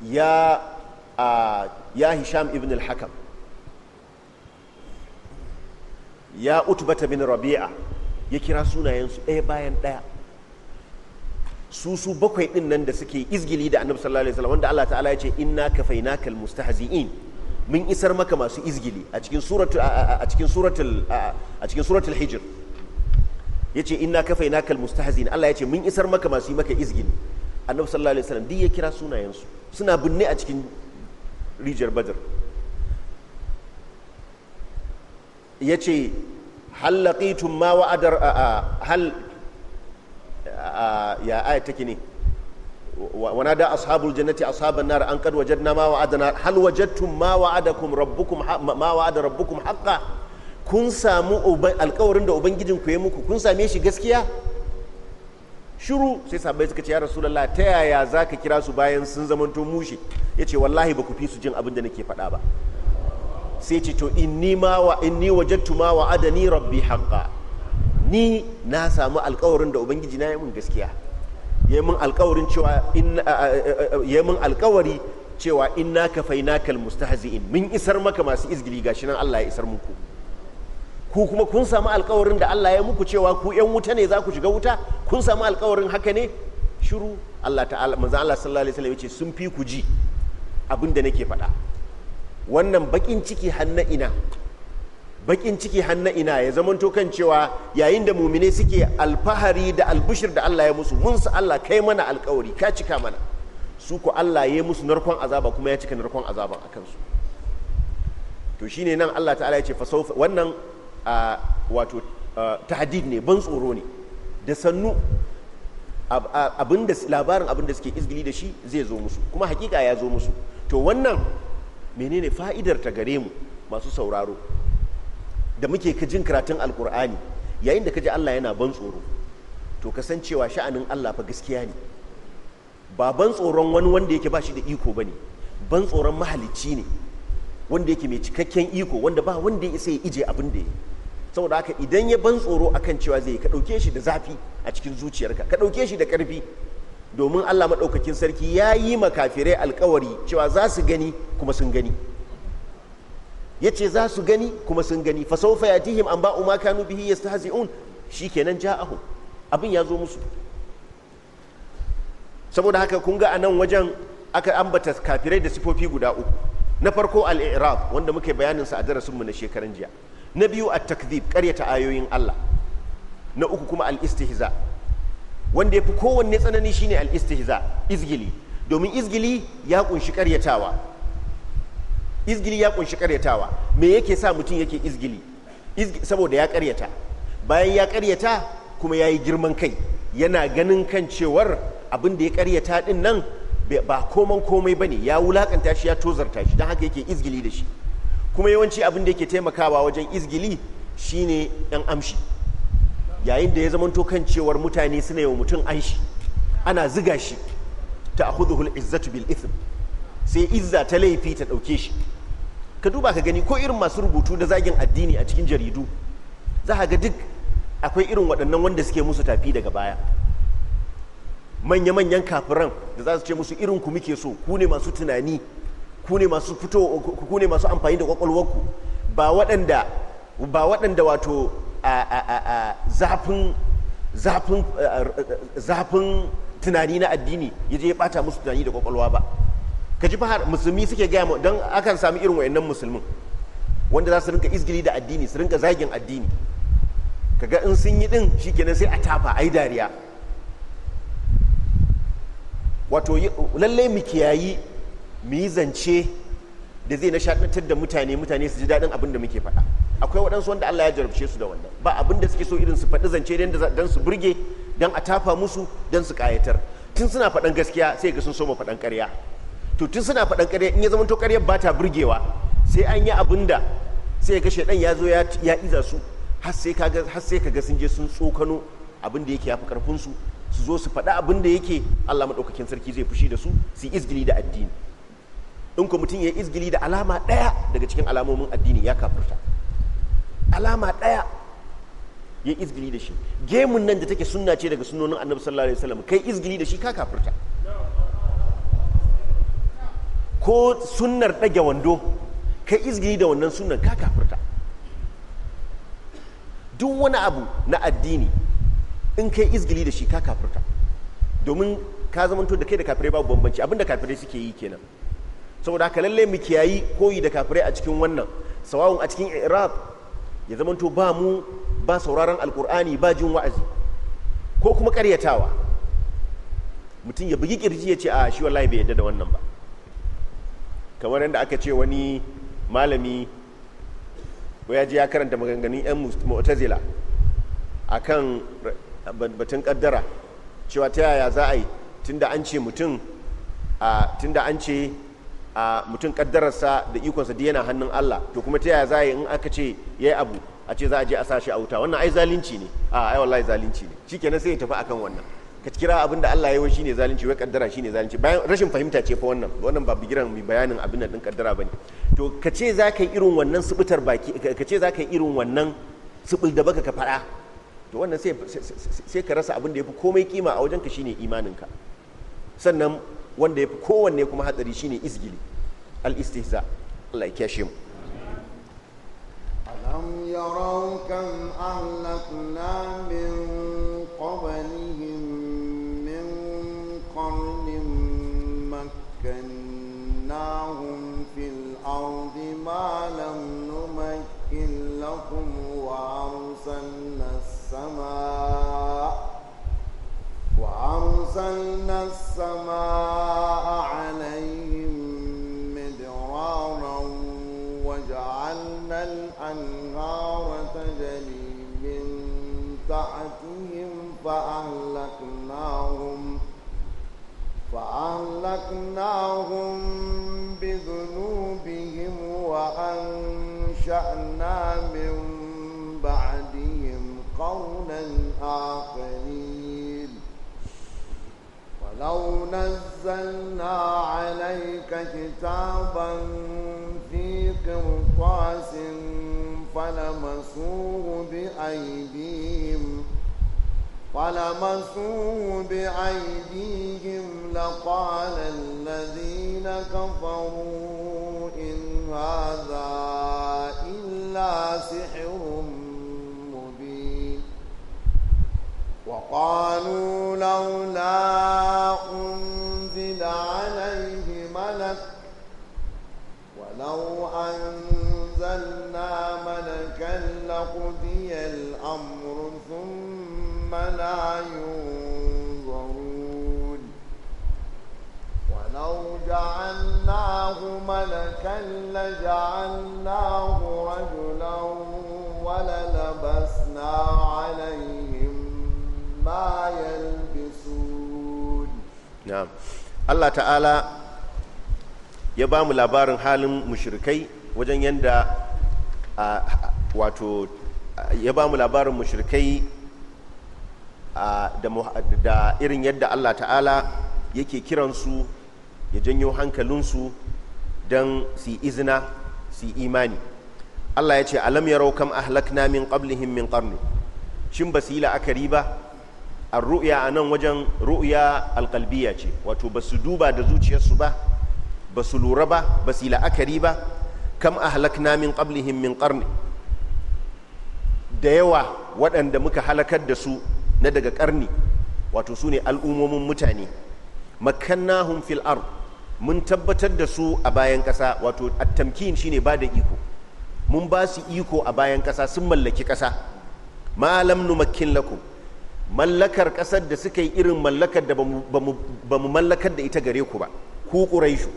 ya ya hisham ibn al-hakam ya ta bin rabi'a ya kira sunayensu ɗaya bayan ɗaya su su bakwai ɗin nan da suke izgili da annabi sallallahu alaihi wasallam wanda Allah ta'ala ya ce inna kafainaka mustahzi'in mun isar maka masu izgili a cikin suratul a cikin suratul a cikin suratul hijr yace inna kafainakal mustahzin Allah yace mun isar maka masu yi maka izgili annabi sallallahu alaihi wasallam duk ya kira sunayen su suna binne a cikin rijiyar badr yace hal laqitum ma wa'adar hal ya aya take ne ونادى أصحاب الجنة أصحاب النار أن ankar وجدنا ما وعدنا هل وجدتم ما وعدكم ربكم ما وعد kun samu alkawarin da ubangijin ku ya muku kun same shi gaskiya shiru sai sabai suka ce ya rasulullah ta yaya za ka kira su bayan sun zamanto mushe ya ce wallahi baku fi su jin abin da nake faɗa ba sai ce to inni ma wa inni wajattu ma adani rabbi haqqa ni na samu alkawarin da ubangiji na yi mun gaskiya min alkawarin cewa in na alkawari cewa inna nakal mustahzi'in mun isar maka masu izgili gashi nan Allah ya isar muku ku kuma kun samu alkawarin da Allah ya muku cewa ku yan wuta ne za ku shiga wuta kun samu alkawarin haka ne shiru Allah ta'ala manzo Allah sallallahu alaihi wasallam yace sun fi ku ji abinda nake faɗa wannan bakin ciki hanna ina bakin ciki hanna ina ya zamanto kan cewa yayin da mumine suke alfahari da albushir da Allah ya musu mun su Allah kai mana alkawari ka cika mana su ko Allah ya musu narkon azaba kuma ya cika narkon azaban a kansu to shine nan Allah ta'ala ya ce fa wannan wato tahdid ne ban tsoro ne da sannu abinda labarin abinda suke izgili da shi zai zo musu kuma hakika ya zo musu to wannan menene fa'idar ta gare mu masu sauraro da muke ka jin karatun alkur'ani yayin da ka ji Allah yana ban tsoro to kasancewa sha'anin Allah fa gaskiya ne ba ban tsoron wani wanda yake ba shi da iko ba ban tsoron mahalicci ne wanda yake mai cikakken iko wanda ba wanda ya isa ya ije abin da ya saboda haka idan ya ban tsoro akan cewa zai ka dauke shi da zafi a cikin zuciyarka ka dauke shi da karfi domin Allah maɗaukakin sarki ya yi makafirai alkawari cewa za su gani kuma sun gani yace za su gani kuma sun gani fa sawfa yatihim an ba'u ma kanu bihi yastahzi'un shikenan ja'ahum abin ya zo musu saboda haka kun ga anan wajen aka ambata kafirai da sifofi guda uku na farko al-i'rab wanda muke bayanin sa a darasin mu na shekaran jiya na biyu a takdhib karyata ayoyin Allah na uku kuma al-istihza wanda yafi kowanne tsanani shine al-istihza izgili domin izgili ya kunshi karyatawa. izgili ya kunshi karyatawa me yake sa mutum yake izgili saboda ya karyata bayan ya karyata kuma ya yi girman kai yana ganin kan cewar abin da ya karyata din nan ba koman komai ba ne ya wulakanta shi ya tozarta shi don haka yake izgili da shi kuma yawanci abin da yake taimakawa wajen izgili shine yan amshi yayin da ya zamanto kan cewar mutane suna yi wa mutum anshi ana ziga shi ta izzatu bil ithm sai izza ta laifi ta ɗauke shi ka duba ka gani ko irin masu rubutu na zagin addini a cikin jaridu za ka ga duk akwai irin waɗannan wanda suke musu tafi daga baya manya-manyan kafiran da za su ce musu irin ku muke so ku ne masu tunani ku ne masu amfani da kwakwalwarku ba waɗanda wato a zafin tunani na addini ya je ya bata musu tunani da kwakwalwa ba ka ji fahar musulmi suke gaya mu don akan sami irin wayannan musulmin wanda za su rinka izgili da addini su rinka zagin addini kaga in sun yi din shikenan sai a tafa ai dariya wato lallai mu kiyayi mu yi zance da zai nishaɗantar da mutane mutane su ji daɗin abin da muke faɗa akwai waɗansu wanda Allah ya jarabce su da wannan ba abin da suke so irin su faɗi zance don su burge don a tafa musu don su ƙayatar tun suna faɗan gaskiya sai ga sun so faɗan ƙarya to tun suna faɗan ƙarya in ya zama to ƙaryar ba ta burgewa sai an yi abin da sai ga shaidan ya zo ya iza su har sai kaga har sai kaga sun je sun tsokano abin da yake yafi karfin su su zo su faɗa abin da yake Allah madaukakin sarki zai fushi da su su izgili da addini in ku mutum ya izgili da alama ɗaya daga cikin alamomin addini ya kafurta alama ɗaya ya izgili da shi gemun nan da take sunna ce daga sunnonin annabi sallallahu alaihi wasallam kai izgili da shi ka kafurta ko sunnar ɗage wando kai izgini da wannan sunnar ka kafirta duk wani abu na addini in kai izgili da shi ka kafirta domin ka zamanto da kai da kafirai babu bambanci abinda kafirai suke yi kenan saboda haka lallai mu kiyayi koyi da kafirai a cikin wannan sawawun a cikin iraq ya zamanto ba mu ba sauraron alkur'ani ba jin wa'azi ko kuma karyatawa mutum ya bugi kirji ya ce a shi wallahi bai yadda da wannan ba kamar yadda aka ce wani malami ya ji ya karanta maganganun 'yan mu'tazila a kan batun kaddara cewa ta yaya za a yi tunda an ce mutum a tunda an ce a mutum kaddararsa da ikonsa da yana hannun Allah to kuma ta yaya za a yi in aka ce ya yi abu a ce za a je a sashi a wuta wannan ai zalunci ne a ai wallahi zalunci ne shikenan sai ya tafi akan wannan ka kira abin da Allah ya yi shine zalunci wai kaddara shine zalunci bayan rashin fahimta ce fa wannan wannan ba bigiran mai bayanin abin da din kaddara bane to ka ce za ka yi irin wannan subutar baki ka ce za ka yi irin wannan subul da baka ka fada to wannan sai sai ka rasa abin da yafi komai kima a wajenka shine imaninka sannan wanda yafi kowanne kuma hatsari shine izgili al istihza Allah ya kashe mu alam yarawkan ahlakna min qablihim ما لم نمكن لكم وأرسلنا السماء وأرسلنا السماء عليهم مدرارا وجعلنا الأنهار تجري من تحتهم فأهلكناهم فأهلكناهم بذنوبهم وأنشأنا من بعدهم قولا آخرين ولو نزلنا عليك كتابا في قرطاس فلمسوه بأيديهم فلمسوه بأيديهم لقال الذين كفروا هذا إلا سحر مبين وقالوا لولا أنزل عليه ملك ولو أنزلنا ملكا لقضي الأمر ثم لا يوم Allah Ta'ala ya ba mu labarin halin mushrikai wajen yadda wato ya ba mu labarin mushrikai da irin yadda Allah ta'ala yake kiransu ya janyo hankalinsu don su izina su imani Allah ya ce alam yarau kam ahlakna min qablihim min qarni shin ba su yi la'akari ba a ru'ya a nan wajen ru'ya alƙalbiya ce wato ba su duba da zuciyarsu ba ba su lura ba ba su yi la'akari ba kam ahlakna min qablihim min qarni da yawa waɗanda muka halakar da su na daga ƙarni wato su ne al'ummomin mutane makkannahum fil ard mun tabbatar da su a bayan ƙasa wato attamkin shine ba da iko mun ba su iko a bayan ƙasa sun mallaki ƙasa malam numakkin lakum mallakar ƙasar da suka yi irin mallakar da ba mu mallakar da ita gare ku ba ku ƙuraishu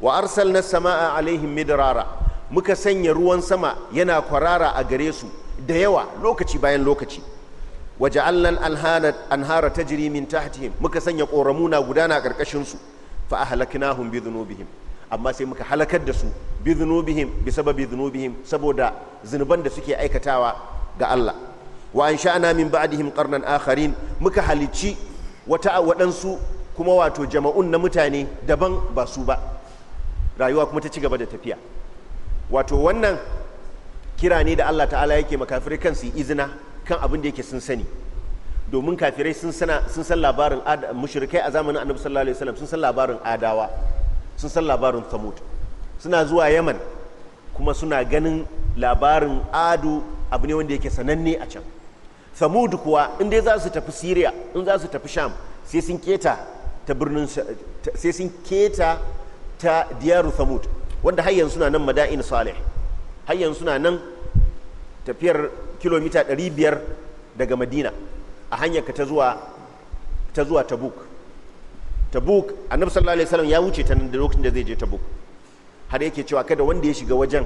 wa na sama'a alaihim midrara muka sanya ruwan sama yana kwarara a gare su da yawa lokaci bayan lokaci waje ja'alna anhara ta min tahtihim muka sanya ƙoramuna gudana ƙarƙashin su fa ahlaknahum bi dhunubihim amma sai muka halakar da su bi dhunubihim bi sababi dhunubihim saboda zunuban da suke aikatawa ga Allah wa ansha'na min ba'dihim qarnan akharin muka halici wata waɗansu kuma wato jama'un na mutane daban ba su ba rayuwa kuma ta ci gaba da tafiya wato wannan kira ne da Allah ta'ala yake makafirai yi izina kan abin da yake sun sani domin kafirai sun san labarin mushrikai a zamanin annabi sallallahu alaihi wasallam sun san labarin adawa sun san labarin thamud suna zuwa yaman kuma suna ganin labarin adu abu ne wanda yake sananne a can thamud kuwa in dai za su tafi syria in za su tafi sham sai sun keta ta birnin sai sun keta ta diyaru thamud wanda hayan suna nan mada'in salih har suna nan tafiyar kilomita 500 daga madina a hanyar ka ta zuwa ta tabuk tabuk annabi sallallahu alaihi wasallam ya wuce ta nan da lokacin da zai je tabuk har yake cewa kada wanda ya shiga wajen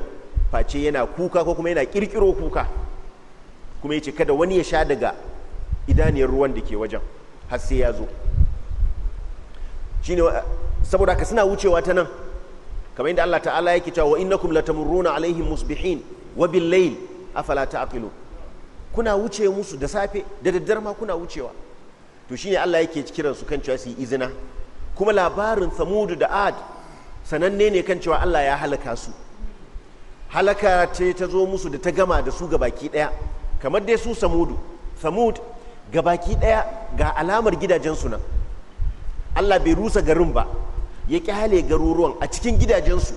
face yana kuka ko kuma yana kirkiro kuka kuma yace kada wani ya sha daga idaniyar ruwan da ke wajen har sai ya zo shine saboda ka suna wucewa ta nan kamar yadda Allah ta'ala yake cewa wa innakum latamurruna alaihim musbihin wa bil layl afala ta'qilun kuna wuce musu da safe da daddare ma kuna wucewa to shine Allah yake kiran su kan cewa su yi izina kuma labarin samudu da ad sananne ne kan cewa Allah ya halaka su halaka ce ta zo musu da ta gama da su gabaki daya kamar dai su samudu samud gabaki daya ga alamar gidajensu nan Allah bai rusa garin ba ya ki kyale garuruwan a cikin gidajensu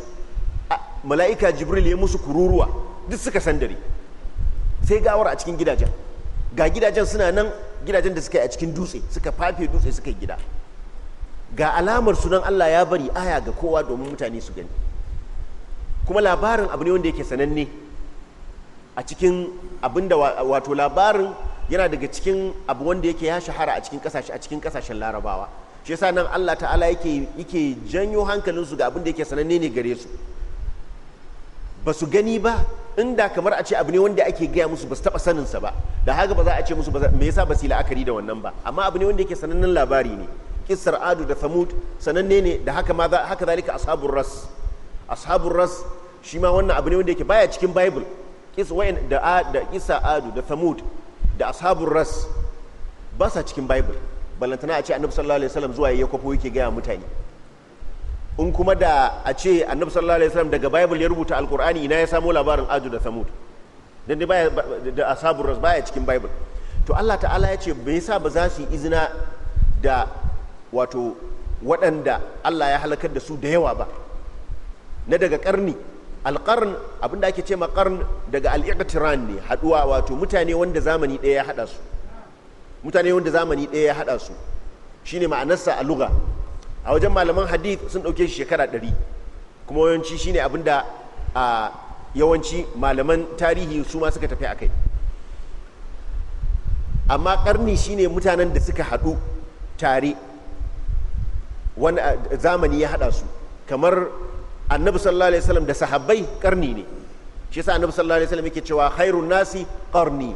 mala'ika jibril ya musu kururuwa duk suka sandare sai gawar a cikin gidajen ga gidajen suna nan gidajen da suka yi a cikin dutse suka fafe dutse suka yi gida ga alamar sunan Allah ya bari aya ga kowa domin mutane su gani kuma labarin abu ne wanda yake sananne a cikin abinda wato labarin yana daga cikin abu wanda yake ya shahara a cikin kasashe a cikin kasashen larabawa shi yasa nan Allah ta'ala yake yake janyo hankalinsu ga abin da yake sananne ne gare su ba su gani ba inda kamar a ce abu ne wanda ake gaya musu ba su sanin saninsa ba da haka ba za a ce musu me yasa ba su yi la'akari da wannan ba amma abu ne wanda yake sanannen labari ne kissar adu da thamud sananne ne da haka ma haka zalika ashabur ras ashabur ras shi ma wannan abu ne wanda yake baya cikin bible kissa wayan da da kissa adu da thamud da ashabur ras ba sa cikin bible balantana a ce annabi sallallahu alaihi wasallam zuwa ya kwafo yake gaya mutane in kuma da a ce annabi sallallahu alaihi wasallam daga bible ya rubuta alqur'ani ina ya samo labarin adu da samud dan baya da ashabur ras baya cikin bible to Allah ta'ala ya ce bai yasa ba za su yi izina da wato waɗanda Allah ya halakar da su da yawa ba na daga karni alƙarn abinda ake ce ma ƙarn daga iqtiran ne haduwa wato mutane wanda zamani ɗaya ya hada su mutane wanda zamani ɗaya ya hada su shine ma'anarsa a lugha a wajen malaman hadith sun ɗauke shi shekara ɗari kuma yawanci shine abin da yawanci malaman tarihi su ma suka tafi a kai amma ƙarni shine mutanen da suka haɗu tare wani zamani ya haɗa su kamar annabi sallallahu alaihi wasallam da sahabbai karni ne shi sa annabi sallallahu alaihi wasallam yake cewa khairun nasi ƙarni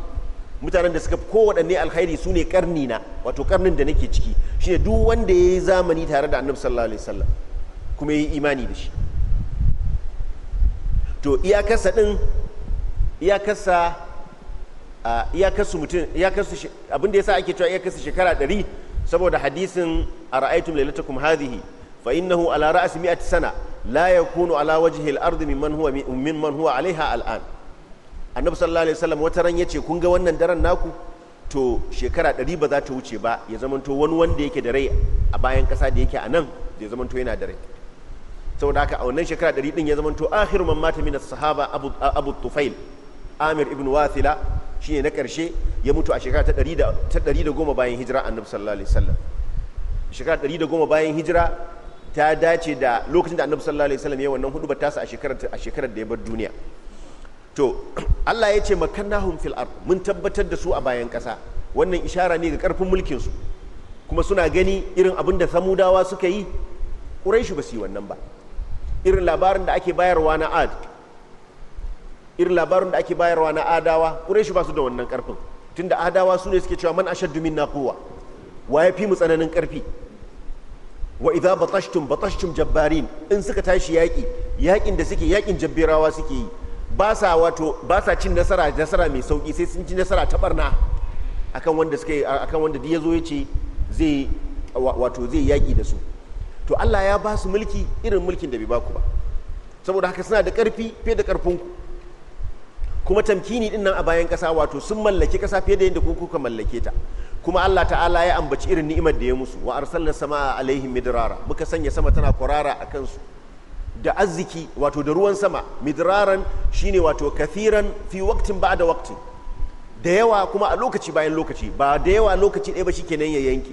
mutanen da suka fi kowaɗanne alkhairi su ne karni na wato karnin da nake ciki shine duk wanda ya yi zamani tare da annabi sallallahu alaihi wasallam kuma ya yi imani da shi to iyakarsa din iyakarsa a iyakarsu mutum iyakarsu abinda yasa ake cewa iyakarsu shekara ɗari saboda hadisin ara'aytum lailatakum hadhihi fa innahu ala ra'si mi'ati sana la yakunu ala wajhi al-ardi mimman huwa mimman huwa alaiha al'an annabi sallallahu alaihi wasallam wata ran yace kun ga wannan daren naku to shekara ɗari ba za ta wuce ba ya zamanto wani wanda yake da rai a bayan ƙasa da yake a nan da ya zamanto yana da rai saboda haka a wannan shekara ɗari ɗin ya zamanto akhiru man mata minas sahaba abu tufail amir ibn wathila shine na ƙarshe ya mutu a shekara ta ɗari da ta goma bayan hijira annabi sallallahu alaihi wasallam shekara ɗari da goma bayan hijira ta dace da lokacin da annabi sallallahu alaihi wasallam ya wannan hudu ba tasa a shekarar a shekarar da ya bar duniya to [CLEARS THROAT] Allah ya ce makannahum fil ard mun tabbatar da su a bayan kasa. wannan ishara ne ga karfin mulkin su kuma suna gani irin abin da samudawa suka yi quraishu ba su yi wannan ba irin labarin da ake bayarwa na ad irin labarin da ake bayarwa na adawa quraishu ba su da wannan karfin tunda adawa su ne suke cewa man ashaddu minna quwwa wa ya fi mu tsananin karfi. wa idza batashtum batashtum jabbarin in suka tashi yaƙi yaƙin da suke yaƙin jabbirawa suke yi ba sa wato ba sa cin nasara nasara mai sauki sai sun ci nasara ta barna akan wanda suke akan wanda ya zo ya ce zai wato zai yaki da su to Allah ya ba su mulki irin mulkin da bai ba ku ba saboda haka suna da karfi fiye da karfin ku kuma tamkini din nan a bayan kasa wato sun mallaki kasa fiye da yadda ku kuka mallake ta kuma Allah ta'ala ya ambaci irin ni'imar da ya musu wa arsalna sama alaihim midrara muka sanya sama tana kurara akan su da arziki wato da ruwan sama midraran shine wato kathiran fi waktin ba da waktin da yawa kuma a lokaci bayan lokaci ba da yawa lokaci ɗaya ba shi kenan ya yanke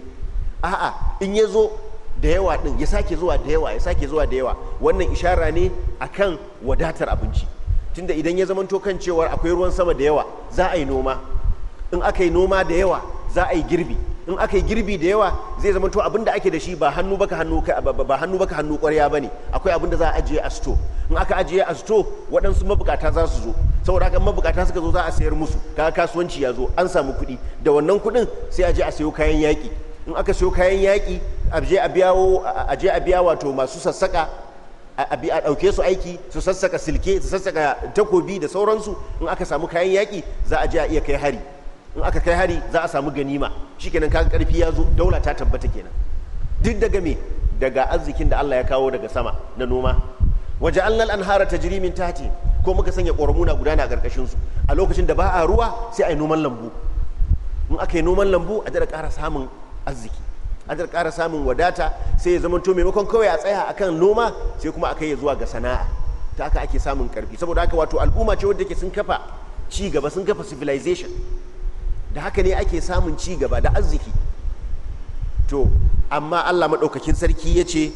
a'a in ya zo da yawa ɗin ya sake zuwa da yawa ya sake zuwa da yawa wannan ishara ne akan wadatar abinci tunda idan ya zamanto kan cewar akwai ruwan sama da yawa za a yi noma in aka yi noma da yawa za a yi girbi in aka yi girbi da yawa zai zama to abinda ake da shi ba hannu baka hannu ba hannu baka hannu kwarya ne akwai abinda za a ajiye a sto in aka ajiye a sto waɗansu mabukata za su zo saboda haka mabukata suka zo za a sayar musu kaga kasuwanci ya zo an samu kuɗi da wannan kuɗin sai a je a sayo kayan yaƙi in aka sayo kayan yaƙi a je a biya a biya wato masu sassaka a ɗauke su aiki su sassaka silke su sassaka takobi da sauransu in aka samu kayan yaƙi za a je a iya kai hari in aka kai hari za a samu ganima shikenan kaga karfi ya zo daula ta tabbata kenan duk daga me daga arzikin da Allah ya kawo daga sama na noma waje allal anhara tajri min tahti ko muka sanya ƙoramuna gudana a karkashin su a lokacin da ba a ruwa sai a yi noman lambu in aka yi noman lambu a jira ƙara samun arziki a jira ƙara samun wadata sai ya zamanto maimakon kawai a tsaya akan noma sai kuma a kai ya zuwa ga sana'a ta haka ake samun karfi saboda haka wato al'umma ce wadda ke sun kafa ci gaba sun kafa civilization da haka ne ake samun ci gaba da arziki to amma Allah maɗaukakin sarki ya ce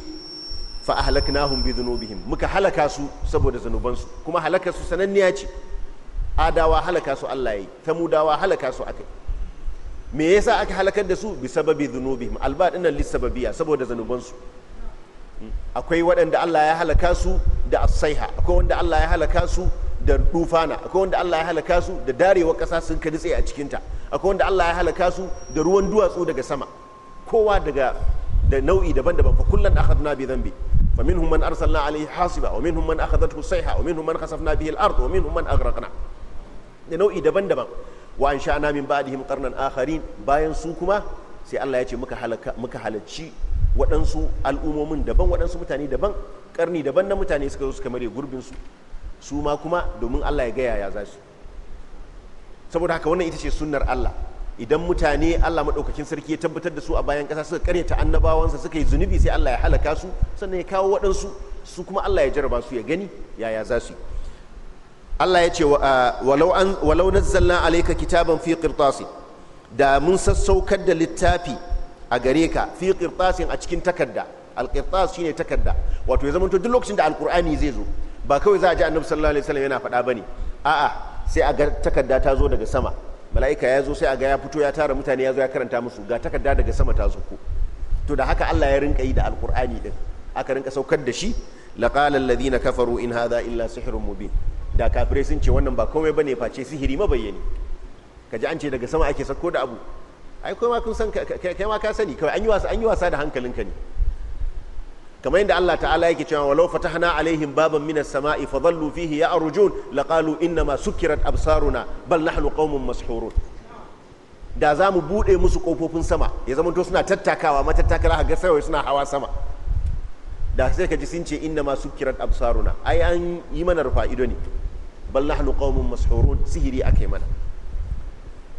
fa ahlaknahum bi dhunubihim muka halaka su saboda zanubansu kuma halaka su sananniya ce adawa halaka su Allah yayi tamudawa halaka su akai me yasa aka halakar da su bi sababi dhunubihim alba dinnan lissababiya saboda zanubansu hmm. akwai waɗanda Allah ya halaka su da asaiha akwai wanda Allah ya halaka su da dufana akwai wanda Allah ya halaka su da darewar ƙasa sun ka nutse a cikinta akwai wanda Allah ya halaka su da ruwan duwatsu daga sama kowa daga da nau'i daban-daban fa kullan akhadna bi dhanbi fa minhum man arsalna alayhi hasiba wa minhum man akhadathu sayha wa minhum man khasafna bihi al-ard wa minhum man aghraqna da nau'i daban-daban wa ansha'na min ba'dihim qarnan akharin bayan su kuma sai Allah ya ce muka halaka muka halacci waɗansu al'umomin daban waɗansu mutane daban karni daban na mutane suka zo suka mare gurbinsu su ma kuma domin Allah ya gaya ya za su saboda haka wannan ita ce sunnar Allah idan mutane Allah maɗaukakin sarki ya tabbatar da su a bayan kasa suka karyata annabawansa suka yi zunubi sai Allah ya halaka su sannan ya kawo waɗansu su kuma Allah ya jarraba su ya gani yaya za su Allah ya ce walau nazzalna alayka kitaban fi qirtasin da mun sassaukar da littafi a gare ka fi qirtasin a cikin takarda al shine takarda wato ya zamanto duk lokacin da alqur'ani zai zo ba kawai za a ji annabi sallallahu alaihi wasallam yana faɗa bane a'a sai a ga takarda ta zo daga sama mala'ika ya zo sai a ga ya fito ya tara mutane ya zo ya karanta musu ga takarda daga sama ta ko to da haka Allah ya rinka yi da alkur'ani din aka rinka saukar da shi laqala alladhina kafaru in hadha illa sihrun mubin da kafirai sun ce wannan ba komai bane face sihiri ka kaji an ce daga sama ake sako da abu ai kai ma kun san kai ma ka sani kawai an yi wasa an yi wasa da hankalinka ne kamar yadda Allah ta'ala yake cewa walau fatahna alaihim baban minas sama'i fa dhallu fihi ya'rujun laqalu inna ma sukirat absaruna bal nahnu qaumun mashhurun da za mu buɗe musu ƙofofin sama ya zama to suna tattakawa matattakala ga sai suna hawa sama da sai ka ji sun ce inna ma sukirat absaruna ai an yi mana rufa ido ne bal nahnu qaumun mashhurun sihiri akai mana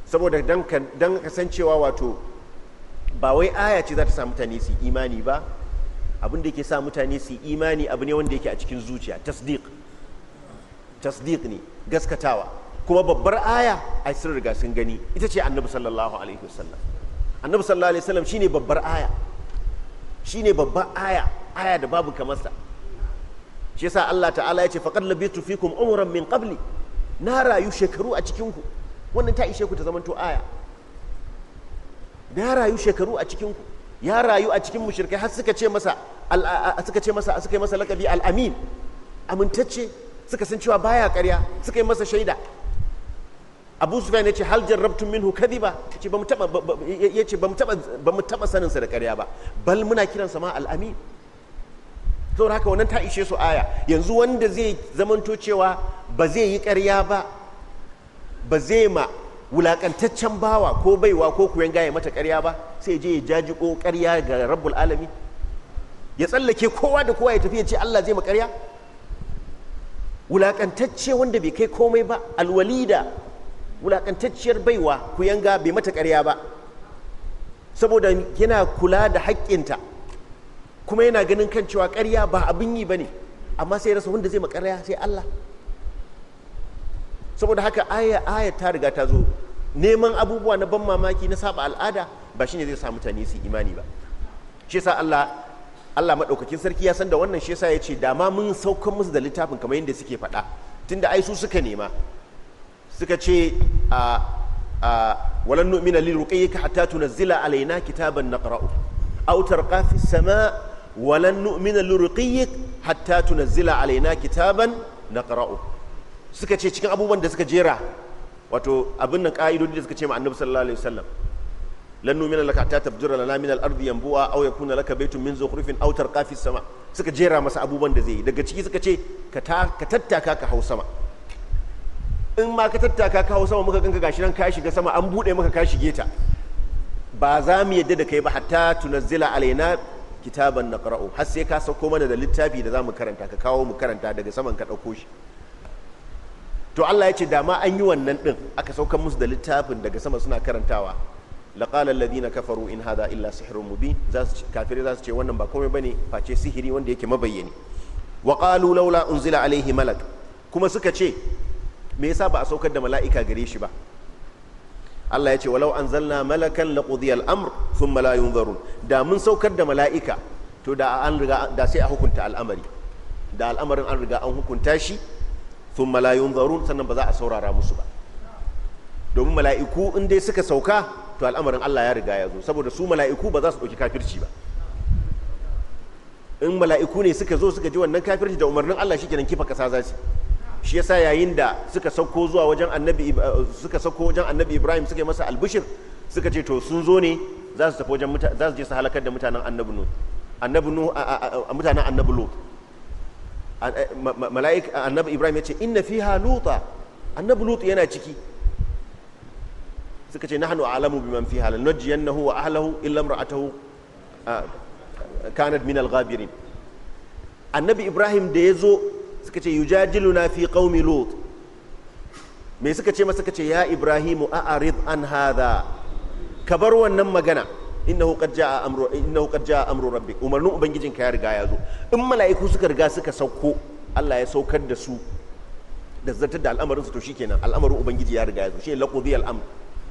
saboda dan dan kasancewa wato ba wai aya ce za ta sa mutane su imani ba abin da yake sa mutane su imani abu ne wanda yake a cikin zuciya tasdiq tasdiq ne gaskatawa kuma babbar aya a sun riga sun gani ita ce annabi sallallahu alaihi wasallam annabi sallallahu alaihi wasallam shine babbar aya shine babbar aya aya da babu kamar sa shi yasa Allah ta'ala ya ce faqad labitu fikum umran min qabli na rayu shekaru a cikin ku wannan ta ishe ku ta zamanto aya na rayu shekaru a cikin ku ya rayu a cikin mushrikai har suka ce masa suka ce masa suka yi masa lakabi al-amin amintacce suka san cewa baya karya suka yi masa shaida abu sufyan ce hal jarrabtum minhu kadhiba ba ba taba yace mu taba sanin sa da karya ba bal muna kiran sa ma al-amin haka wannan ta ishe su aya yanzu wanda zai zamanto cewa ba zai yi karya ba ba zai ma wulakantaccen bawa ko baiwa ko kuyan gaya mata karya ba sai je ya jaji ko karya ga rabbul alami ya tsallake kowa da kowa ya tafi ya ce Allah zai makarya wulakantacce wanda bai kai komai ba alwalida wulakantacciyar baiwa yanga bai mata karya ba saboda yana kula da haƙƙinta kuma yana ganin kan cewa karya ba abin yi ba ne amma sai rasa wanda zai makarya sai Allah saboda haka aya aya ta riga ta zo neman abubuwa na ban mamaki na saba al'ada ba shine zai sa mutane su imani ba shi yasa Allah Allah madaukakin sarki ya san da wannan shi yasa ya ce da ma mun saukan musu da littafin kamar yadda suke faɗa tunda ai su suka nema suka ce a a walan nu'mina lil ruqiyyika hatta alaina kitaban naqra'u aw tarqa fi walan nu'mina lil hatta alaina kitaban naqra'u suka ce cikin abubuwan da suka jera wato abin nan ka'idodi da suka ce ma annabi sallallahu alaihi wasallam lannu min laka ta tabjura lana min al ardi yanbu'a aw yakuna laka baytun min zukhrifin aw tarqa fi sama suka jera masa abubuwan da zai yi daga ciki suka ce ka ka tattaka ka hau sama in ma ka tattaka ka hau sama muka ganka gashi nan ka shiga sama an bude maka ka shige ta ba za mu yadda da kai ba hatta tunazzila alaina kitaban naqra'u har sai ka sauko mana da littafi da za mu karanta ka kawo mu karanta daga saman ka dauko shi to Allah ya ce da ma an yi wannan din aka saukar musu da littafin daga sama suna karantawa laqala alladhina kafaru in hada illa sihirin mubin za kafire za su ce wannan ba komai bane face sihiri wanda yake mabayyani wa qalu laula unzila alaihi malak kuma suka ce me yasa ba a saukar da mala'ika gare shi ba Allah ya ce walau anzalna malakan la al-amr thumma la yunzarun da mun saukar da mala'ika to da an riga da sai a hukunta al'amari da al'amarin an riga an hukunta shi sun malayun zarun sannan ba za a saurara musu ba domin mala'iku in dai suka sauka to al'amarin Allah ya riga ya zo saboda su mala'iku ba za su ɗauki kafirci ba in mala'iku ne suka zo suka ji wannan kafirci da umarnin Allah shi kenan kifa kasa za su shi yasa yayin da suka sauko zuwa wajen annabi suka sauko wajen annabi Ibrahim suka yi masa albishir suka ce to sun zo ne za su tafi wajen za su je su halakar da mutanen annabi Nuh mutanen annabi Mala'ika annabi ibrahim ya ce inna fiha luta annabi lut yana ciki suka ce nahnu a'lamu biman fiha lanajjiyannahu wa ahlihi illa imra'atuhu kanat min al-ghabirin annabi ibrahim da ya zo suka ce yujadiluna fi qaumi lut me suka ce masa suka ce ya ibrahimu a'rid an hadha ka bar wannan magana innahu qad jaa amru innahu qad jaa amru rabbik umarnin ubangijinka ya riga ya zo in mala'iku suka riga suka sauko Allah ya saukar da su da zartar da al'amarin su to shikenan al'amarin ubangiji ya riga ya zo shi laqudi al'amr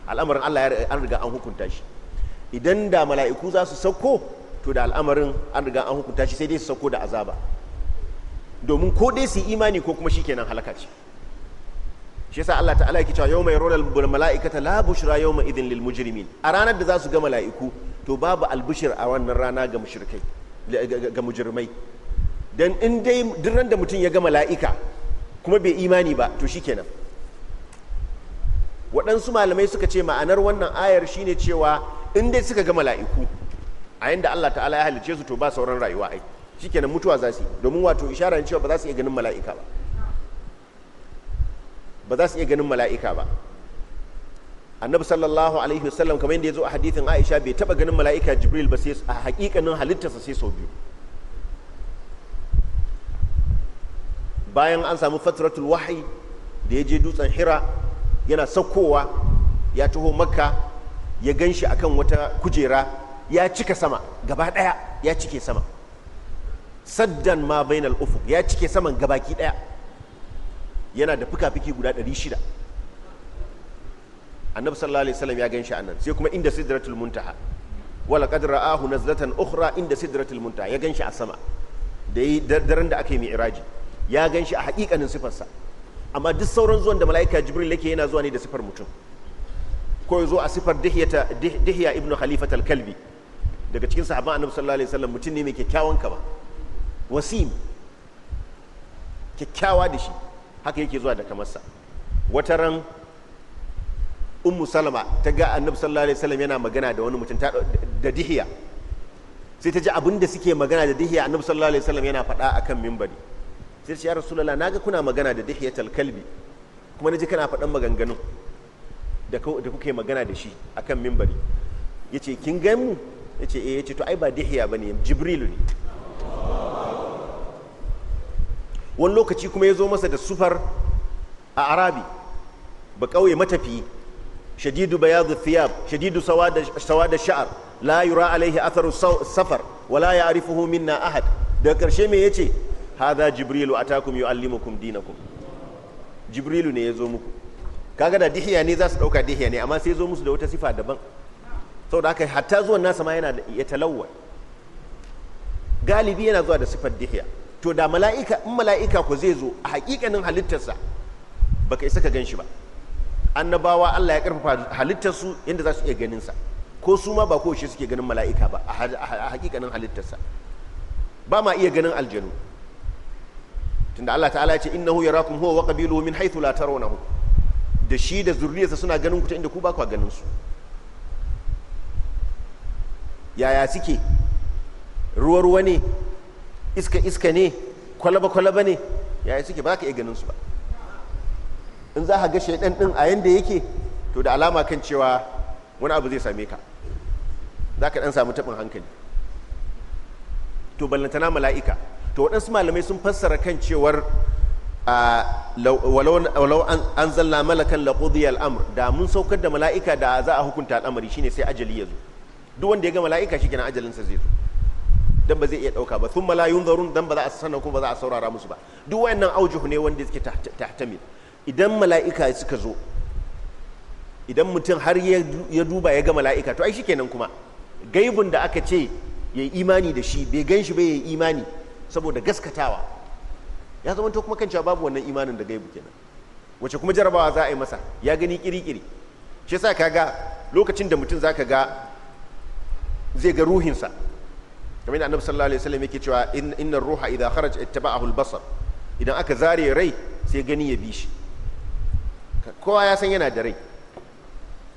al'amarin Allah ya an riga an hukunta shi idan da mala'iku za su sauko to da al'amarin an riga an hukunta shi sai dai su sauko da azaba domin ko dai su imani ko kuma shikenan halaka ce shi yasa Allah ta'ala yake cewa yawma yarawna mala'ikata la bushra yawma idhin lil mujrimin a ranar da za su ga mala'iku to babu albushir a wannan rana ga mushrikai ga mujrimai dan in dai duk da mutum ya ga mala'ika kuma bai imani ba to shikenan waɗansu malamai suka ce ma'anar wannan ayar shine cewa in dai suka ga mala'iku a yanda Allah ta'ala ya halice su to ba sauran rayuwa ai shikenan mutuwa za su domin wato isharar cewa ba za su iya ganin mala'ika ba ba za su iya ganin mala'ika ba annabi sallallahu alaihi wasallam kamar yadda ya zo a hadithin aisha bai taba ganin mala'ika jibril ba sai a hakikanin halittarsa sai sau biyu bayan an samu fatratul wahayi da ya je dutsen hira yana saukowa ya taho makka ya gan shi akan wata kujera ya cika sama gaba daya ya cike sama saddan ma bainal ufuk ya cike saman gabaki ɗaya. yana da fuka-fuki guda 600 annabi sallallahu alaihi wasallam ya gan shi anan sai kuma inda sidratul muntaha wala qad ra'ahu nazlatan ukhra inda sidratul muntaha ya gan shi a sama da yi daren da aka yi mi'raji ya gan shi a hakikanin sifarsa amma duk sauran zuwan da mala'ika jibril yake yana zuwa ne da sifar mutum ko ya zo a sifar dihya ibnu khalifat al-kalbi daga cikin sahaba annabi sallallahu alaihi wasallam mutum ne mai kyakkyawan ba wasim kyakkyawa da shi haka yake zuwa da kamarsa wata ran ummu salama ta ga annabi sallallahu alaihi wasallam yana magana da wani mutum da dihiya sai ta ji abin da suke magana da dihiya annabi sallallahu alaihi wasallam yana faɗa akan mimbari sai ce ya rasulullah naga kuna magana da dihiyatal kalbi kuma naji kana faɗan maganganun da kuke magana da shi akan mimbari yace kin ga mu yace eh yace to ai ba dihiya bane jibril ne wani lokaci kuma ya zo masa da sufar a arabi ba kauye matafi shadidu bayadu thiyab shadidu sawada sha'ar la yura alaihi atharu safar wala ya ya'rifuhu minna ahad daga karshe me yace hadha jibrilu atakum yuallimukum dinakum jibrilu ne ya zo muku kaga da dihiya ne za su dauka dihiya ne amma sai zo musu da wata sifa daban saboda haka hatta zuwan nasa ma yana ya talawwa galibi yana zuwa da sifar dihiya to da mala'ika in mala'ika ku zai zo a hakikanin halittarsa baka isa ka gan shi ba annabawa Allah ya karfafa halittarsu yadda za su iya ganin sa ko su ma ba ko shi suke ganin mala'ika ba a hakikanin halittarsa ba ma iya ganin aljanu tunda Allah ta'ala ya ce innahu yarakum huwa wa qabiluhu min haythu la tarawnahu da shi da zurriyarsa suna ganin ku ta inda ku ba ku ganin su yaya suke ruwa ruwa ne iska iska ne kwalaba kwalaba ne yayin suke ba ka iya ganin su ba in za ka ga shaidan din a yanda yake to da alama kan cewa wani abu zai same ka za ka dan samu taɓin hankali to ballantana mala'ika to waɗansu malamai sun fassara kan cewar walau an zalla malakan laƙudiyar al'amur da mun saukar da mala'ika da za a hukunta al'amari shine sai ajali ya zo duk wanda ya ga mala'ika shi kenan ajalinsa zai zo dan ba zai iya dauka ba thumma la yunzarun dan ba za a sanna ko ba za a saurara musu ba duk wayannan aujuhu ne wanda suke tahtamil idan mala'ika suka zo idan mutum har ya duba ya ga mala'ika to ai kenan kuma gaibun da aka ce yayi imani da shi bai gan shi ba yayi imani saboda gaskatawa ya zama to kuma kan cewa babu wannan imanin da gaibu kenan wace kuma jarabawa za a yi masa ya gani kirikiri shi yasa kaga lokacin da mutum zaka ga zai ga ruhinsa kamar yadda annabi sallallahu alaihi wasallam yake cewa inna ruha idza kharaja ittaba'ahu al-basar idan aka zare rai sai gani ya bi shi kowa ya san yana da rai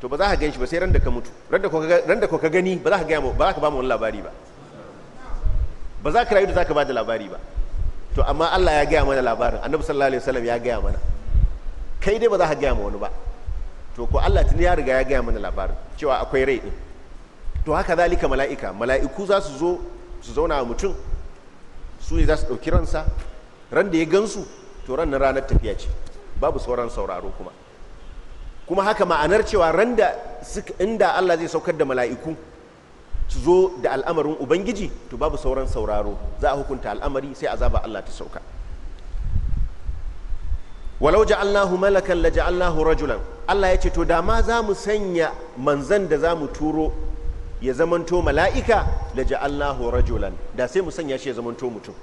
to ba za ka ganshi ba sai ran da ka mutu ran da ka gani ba za ka ba za ka ba mu wani labari ba ba za ka rayu da za ka ba da labari ba to amma Allah ya gaya mana labarin annabi sallallahu alaihi wasallam ya gaya mana kai dai ba za ka gaya ma wani ba to ko Allah tun ya riga ya gaya mana labarin cewa akwai rai din to haka zalika mala'ika mala'iku za su zo su zauna wa mutum su ne za su ɗauki ransa ran da ya gansu to ran na ranar tafiya ce babu sauran sauraro kuma kuma haka ma'anar cewa ran da inda Allah zai saukar da mala'iku su zo da al'amarin ubangiji to babu sauran sauraro za a hukunta al'amari sai azaba Allah ta sauka walau ja'alnahu malakan la ja'alnahu rajulan Allah ya ce to da ma za mu sanya manzan da za mu turo ya zamanto mala'ika la ja'alnahu rajulan da sai mu sanya shi ya zamanto mutum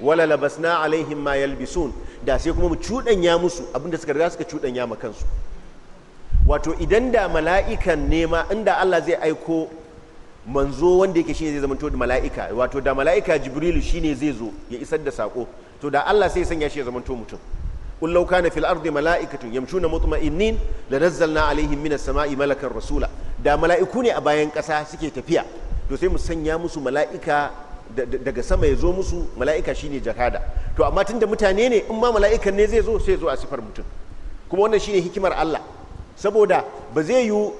wala labasna alaihim ma yalbisun da sai kuma mu cuɗanya musu abinda suka riga suka cuɗanya ma kansu wato idan da mala'ikan nema inda Allah zai aiko manzo wanda yake shine zai zamanto da mala'ika wato da mala'ika jibrilu shine zai zo ya isar da sako to da Allah sai sanya shi ya zamanto mutum قل لو كان في الأرض ملائكة يمشون مطمئنين لنزلنا عليهم من السماء ملكا rasula. da mala'iku ne a bayan ƙasa suke tafiya to sai mu sanya musu mala'ika daga sama ya zo musu mala'ika shine jakada to amma tun da mutane ne in ma mala'ikan ne zai zo sai zo a sifar mutum kuma wannan shine hikimar Allah saboda ba zai yi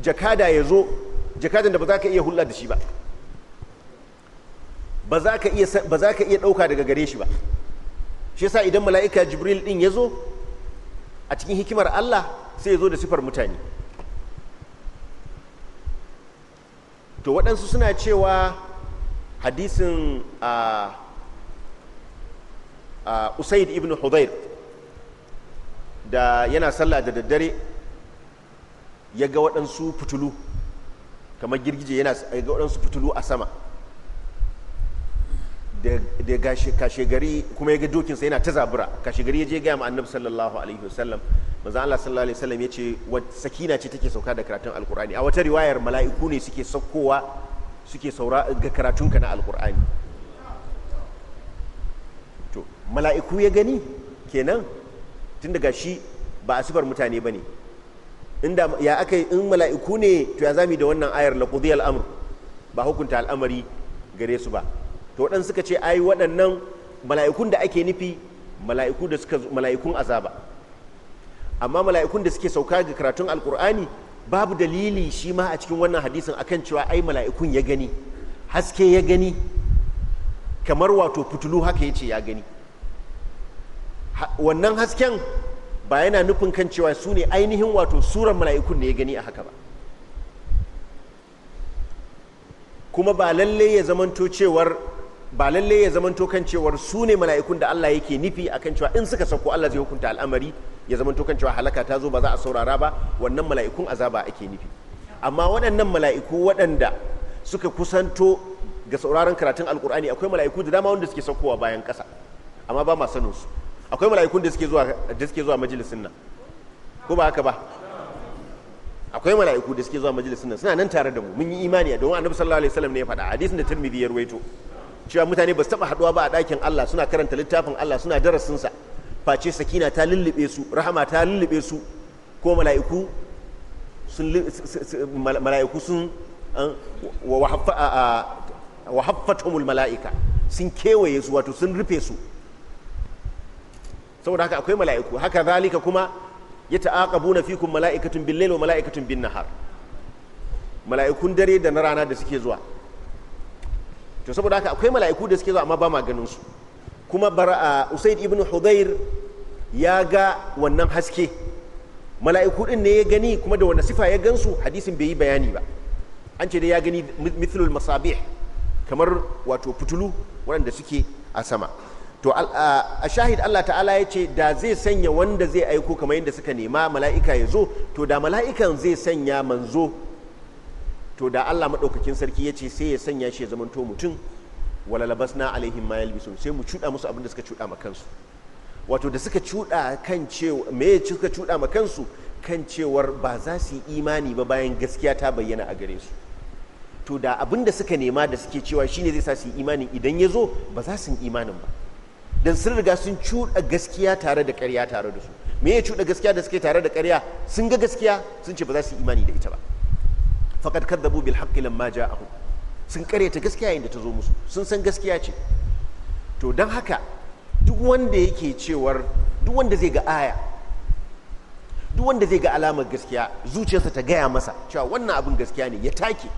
jakada ya zo jakadan da ba za ka iya hulɗa da shi ba ba za ka iya ɗauka daga gare shi ba shi yasa idan mala'ika jibril din ya zo a cikin hikimar Allah sai ya zo da sifar mutane to waɗansu suna cewa hadisin a usaid ibn hudayr da yana sallah da daddare ya ga waɗansu fitulu kamar girgije yana ga waɗansu fitulu a sama da kashe gari kuma ya ga dokinsa yana ta zabura kashe gari ya je gaya ma annabi sallallahu alaihi wasallam manzo Allah sallallahu alaihi wasallam yace sakina ce take sauka da karatun alqur'ani a wata riwayar mala'iku ne suke saukowa suke saura ga karatunka na alqur'ani to mala'iku ya gani kenan tun daga shi ba a sifar mutane bane inda ya aka in mala'iku ne to ya zami da wannan ayar la qudhi al-amr ba hukunta al'amari gare su ba to waɗansu suka ce ai waɗannan mala'ikun da ake nufi mala'iku da suka mala'ikun azaba amma mala'ikun da suke sauka ga karatun alkur'ani babu dalili shi ma a cikin wannan hadisin akan cewa ai mala'ikun ya gani haske ya gani kamar wato fitulu haka ya ce ya gani wannan hasken ba yana nufin kan cewa su ne ainihin wato suran mala'ikun ne ya gani a haka ba kuma ba lalle ya zamanto cewar ba lalle ya zaman kan cewar su ne mala'ikun da Allah yake nufi akan cewa in suka sauko Allah zai hukunta al'amari ya zaman kan cewa halaka ta zo ba za a saurara ba wannan mala'ikun azaba ake nufi amma waɗannan mala'iku waɗanda suka kusanto ga sauraron karatun alkur'ani akwai mala'iku da dama wanda suke saukowa bayan ƙasa amma ba ma sanin su akwai mala'ikun da suke zuwa da suke zuwa majalisin nan ko ba haka ba akwai mala'iku da suke zuwa majalisin nan suna nan tare da mu mun yi imani don annabi sallallahu alaihi wasallam ne ya faɗa hadisin da tirmidhi ya ruwaito cewa mutane ba su taba haduwa ba a ɗakin Allah suna karanta littafin Allah suna darasinsa face sakina ta lullube su rahama ta lullube su ko mala'iku sun mala'iku sun wa haffatumul mala'ika sun kewaye su wato sun rufe su saboda haka akwai mala'iku haka zalika kuma ya na fikum mala'ikatun bil-layli wa mala'ikatun bin-nahar mala'ikun dare da na rana da suke zuwa to saboda haka akwai mala'iku da suke zuwa amma ba ma ganin su kuma bar usaid ibn Huzair ya ga wannan haske mala'iku din ne ya gani kuma da wani sifa ya gansu hadisin bai yi bayani ba an ce dai ya gani mithlul masabih kamar wato fitulu waɗanda suke a sama to a shahid Allah ta'ala ya ce da zai sanya wanda zai aiko kamar yadda suka nema mala'ika ya zo to da mala'ikan zai sanya manzo to da Allah maɗaukakin sarki ya ce sai ya sanya shi ya zamanto mutum wala labasna alaihim ma yalbisun sai mu cuɗa musu abin da suka cuɗa ma kansu wato da suka cuɗa kan cewa me suka cuɗa ma kansu kan cewar ba za su yi imani ba bayan gaskiya ta bayyana a gare su to da abin da suka nema da suke cewa shine zai sa su yi imani idan ya zo ba za su yi imanin ba dan sun riga sun cuɗa gaskiya tare da ƙarya tare da su me ya cuɗa gaskiya da suke tare da ƙarya sun ga gaskiya sun ce ba za su yi imani da ita ba faqad kadzabu bil haqqi lamma ja'ahum sun karyata gaskiya yayin da ta zo musu sun san gaskiya ce to don haka duk wanda yake cewar duk wanda zai ga aya duk wanda zai ga alamar gaskiya zuciyarsa ta gaya masa cewa wannan abin gaskiya ne ya take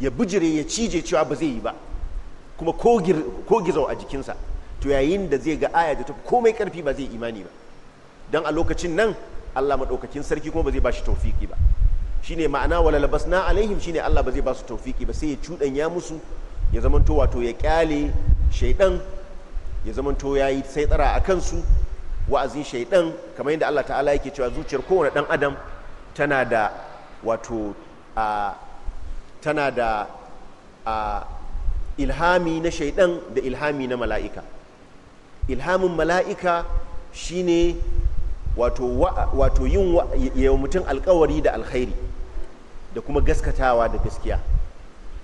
ya bijire ya cije cewa ba zai yi ba kuma ko gizau a jikinsa to yayin da zai ga aya da ta komai karfi ba zai imani ba don a lokacin nan allah maɗaukakin sarki kuma ba zai ba shi taufiki ba shine ma'ana wala labasna alaihim shine Allah ba zai ba su tawfiki ba sai ya ya musu ya to wato ya kyale shaidan ya zamanto yayi sai tsara a kansu wa'azin shaidan kamar yadda Allah ta'ala yake cewa zuciyar kowane dan adam tana da wato a tana da a ilhami na shaidan da ilhami na mala'ika ilhamin mala'ika shine wato wato yin wa mutum alkawari da alkhairi da kuma gaskatawa da gaskiya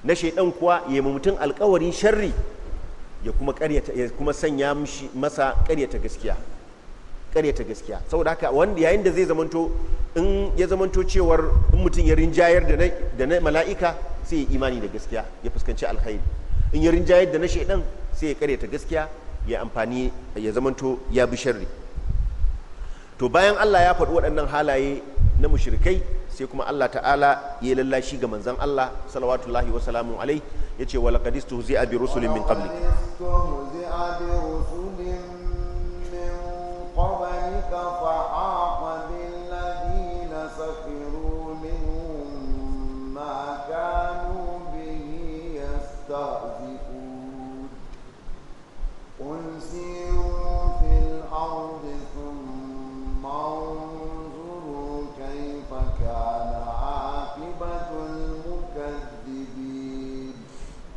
na shaidan kuwa ya yi mutum alkawarin sharri ya kuma sanya masa karyata gaskiya karyata gaskiya saboda haka wanda yayin da zai zamanto in ya zamanto cewar mutum ya rinjayar da na mala'ika sai ya imani da gaskiya ya fuskanci alkhairi in ya rinjayar da na shaidan sai ya karyata gaskiya ya amfani ya zamanto ya bi sharri to bayan Allah ya faɗi waɗannan halaye na mushirikai. sai kuma Allah ta'ala ya yi lallashi ga manzan Allah salawatullahi wa salamun alai ce wa laqad zai bi rusulun min qablik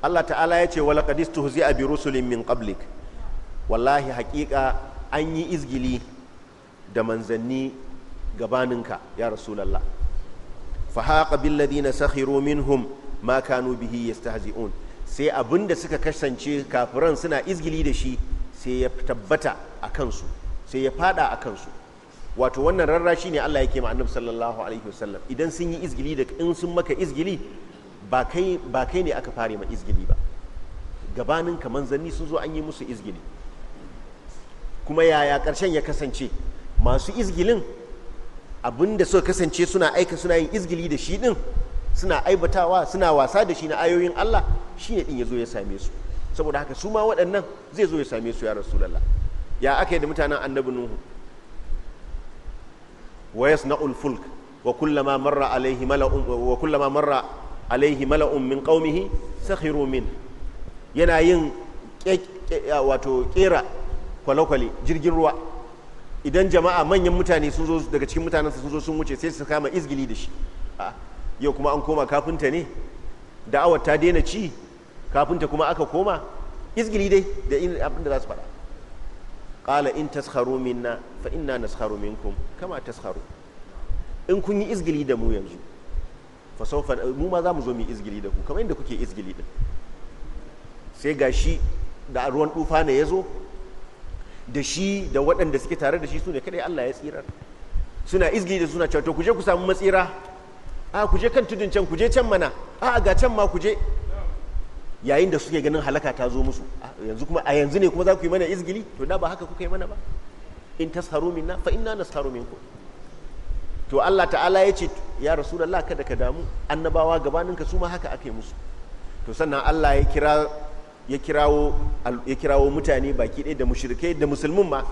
Allah ta'ala ya ce wala qadistu huzi'a bi rusulin min qablik wallahi haƙiƙa an yi izgili da manzanni gabaninka ya rasulallah fa haqa bil ladina sakhiru minhum ma kanu bihi yastahzi'un sai abinda suka kasance kafiran suna izgili da shi sai ya tabbata a kansu sai ya fada a kansu wato wannan rarrashi ne Allah yake ma annabi sallallahu alaihi wasallam idan sun yi izgili da in sun maka izgili ba kai ne aka fare ma izgili ba gabanin ka manzanni sun zo an yi musu izgili kuma yaya karshen ya kasance masu izgilin da suka kasance suna aika suna yin izgili da shi din suna aibatawa suna wasa da shi na ayoyin Allah shi ne din ya zo ya same su saboda haka su ma waɗannan zai zo ya same su ya rasulallah ya aka yi da mutanen annabi nuhu wa yasna'ul fulk wa kullama marra alaihi mala'un wa kullama marra alaihi mala'un min qaumihi sakhiru min yana yin wato kera kwale-kwale jirgin ruwa idan jama'a manyan mutane sun zo daga cikin mutanen sun zo sun wuce sai su kama izgili da shi yau kuma an koma kafinta ne da'awar ta daina ci kafinta kuma aka koma izgili dai da in abin da za su faɗa ƙala in tasharu minna fa inna nasharu minkum kama tasharu in kun yi izgili da mu yanzu fasaufa mu ma za mu zo mu izgili da ku kamar yadda kuke izgili din sai ga shi da ruwan dufa ne ya zo da shi da waɗanda suke tare da shi su ne kadai Allah ya tsirar suna izgili da suna cewa ku je ku samu matsira a ku je kan tudun can ku je can mana a ga can ma ku je yayin da suke ganin halaka ta zo musu yanzu kuma a yanzu ne kuma za ku yi mana izgili to da ba haka kuka yi mana ba in tasharu minna fa inna nasharu minkum to Allah ta'ala ya ce ya rasu da kada ka damu annabawa gabaninka su ma haka aka yi musu to sannan Allah ya kira ya kirawo mutane baki ɗaya da mushrikai da musulmin ma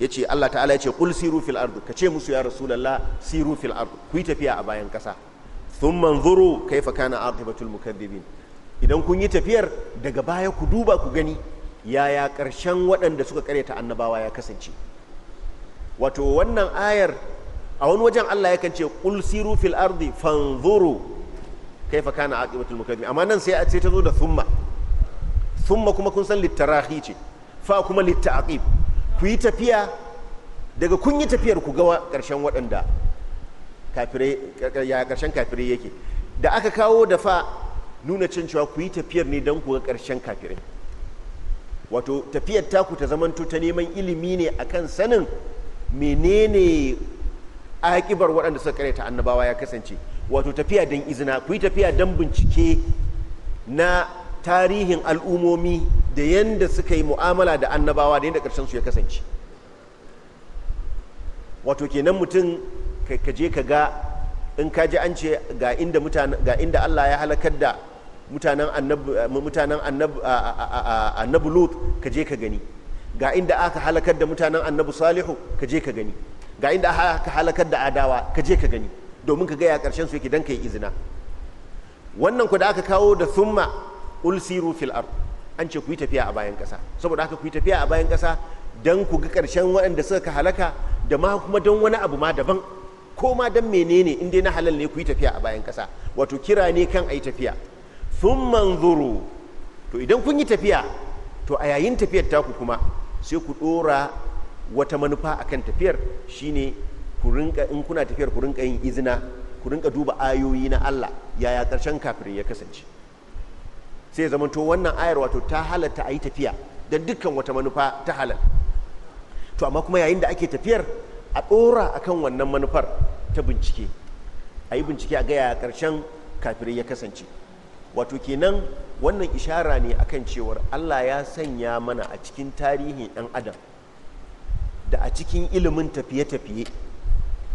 Ya ce Allah ta'ala ce ƙul siru fil ardu. ka ce musu ya rasu da siru fil ardu ku yi tafiya a bayan kasa thumma anzuru kaifa kana aqibatul mukaththibin idan kun yi tafiyar daga baya ku duba ku gani yaya ƙarshen waɗanda suka karyata annabawa ya kasance wato wannan ayar a wani wajen Allah ya ce kul siru fil ardi fanzuru kaifa kana aqibatul mukaththibin amma nan sai a ce ta zo da thumma thumma kuma kun san litarahi ce fa kuma littaqib ku yi tafiya daga kun yi tafiyar ku ga karshen waɗanda kafire ya karshen kafire yake da aka kawo da fa nuna cin cewa ku yi tafiyar ne don ku ga karshen kafire wato tafiyar taku ta zamanto ta neman ilimi ne akan sanin menene a kibar waɗanda suka ta annabawa ya kasance wato tafiya don izina ku yi tafiya don bincike na tarihin al'umomi da yadda suka yi mu'amala da annabawa da yadda ƙarshen su ya kasance wato kenan mutum ka je ka ga in ka ji an ce ga inda Allah ya halakar da mutanen annabu Lut ka je ka gani ga inda aka halakar da mutanen annabu Salihu ka je ka gani ga inda aka halakar da adawa ka je ka gani domin ka gaya karshen su yake dan yi izina wannan ku da aka kawo da thumma ulsiru fil ard an ce ku yi tafiya a bayan kasa saboda haka ku yi tafiya a bayan kasa dan ku ga karshen waɗanda suka halaka da ma kuma don wani abu ma daban ko ma don menene in dai na halal ne ku yi tafiya a bayan kasa wato kira ne kan ayi tafiya thumma nzuru to idan kun yi tafiya to a yayin tafiyar taku kuma sai ku ɗora. wata manufa akan tafiyar shine in kuna tafiyar ku rinka yin izina ku rinka duba ayoyi na Allah yaya ƙarshen kafirin ya kasance sai zama to wannan ayar wato ta halatta a yi tafiya da dukkan wata manufa ta halal to amma kuma yayin da ake tafiyar a a akan wannan manufar ta bincike a yi bincike a gaya ƙarshen kafirin ya kasance wato kenan wannan ishara ne akan cewar Allah ya sanya mana a cikin tarihin ɗan adam da a cikin ilimin tafiye-tafiye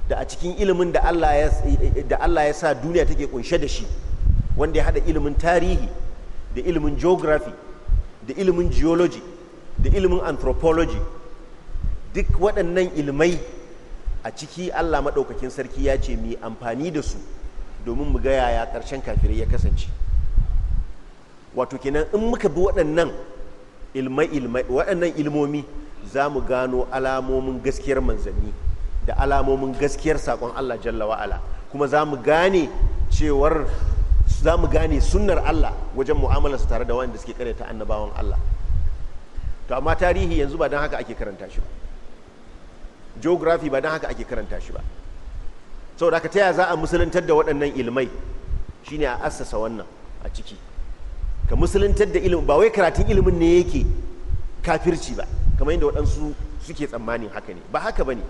da a cikin ilimin da Allah ya sa duniya take kunshe da shi wanda ya hada ilimin tarihi da ilimin geography da ilimin geology da ilimin anthropology duk waɗannan ilmai a ciki Allah maɗaukakin sarki ya ce mai amfani da su domin mu gaya ya ƙarshen kafirai ya kasance wato kenan in muka bi waɗannan ilimomi. waɗannan ilmomi za mu gano alamomin gaskiyar manzanni da alamomin gaskiyar saƙon Allah jalla wa'ala kuma za mu gane cewar za mu gane sunnar Allah wajen su tare da wanda suke karyata annabawan Allah to amma tarihi yanzu ba don haka ake karanta shi ba geography ba don haka ake karanta shi ba saboda ka taya za a musuluntar da waɗannan ilmai shine a assasa wannan a ciki ka musuluntar da ilimin ba wai karatun ilimin ne yake kafirci ba kamar yadda waɗansu suke tsammanin haka ne ba haka ba ne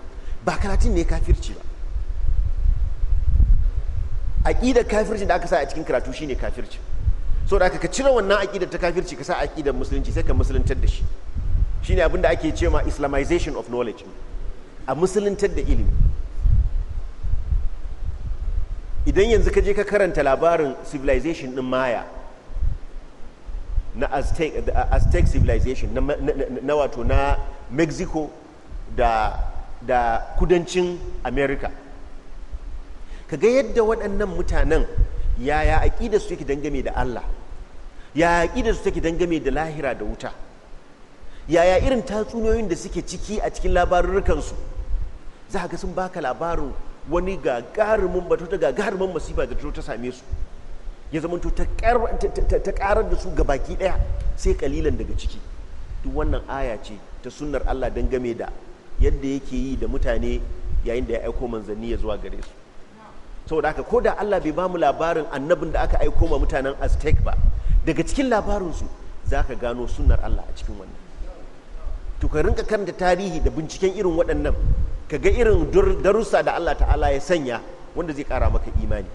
ba karatun ne kafirci ba aƙidar kafirci da aka sa a cikin karatu shine kafirci so da aka ka cire wannan aƙidar ta kafirci ka sa aƙidar musulunci sai ka musuluntar da shi shine abin da ake cewa islamization of knowledge a musuluntar da ilimi idan yanzu ka je ka karanta labarin civilization din maya na aztec, aztec civilization na, wato na mexico da, da kudancin america kaga yadda waɗannan mutanen yaya aƙidar su yake dangane da allah yaya aƙidar su take dangane da lahira da wuta yaya irin tatsuniyoyin da suke ciki a cikin labarurukansu za ga sun baka labarin wani gagarumin batuta gagarumin masifa da ta same su ya zama ta karar da su gabaki daya sai kalilan daga ciki duk wannan aya ce ta sunnar Allah game da yadda yake yi da mutane yayin da ya aiko manzanni ya zuwa gare su saboda haka ko da Allah bai bamu labarin annabin da aka aiko ma mutanen Aztec ba daga cikin labarin su zaka gano sunnar Allah a cikin wannan to ka rinka karanta tarihi da binciken irin waɗannan ka ga irin darussa da Allah ta'ala ya sanya wanda zai kara maka imani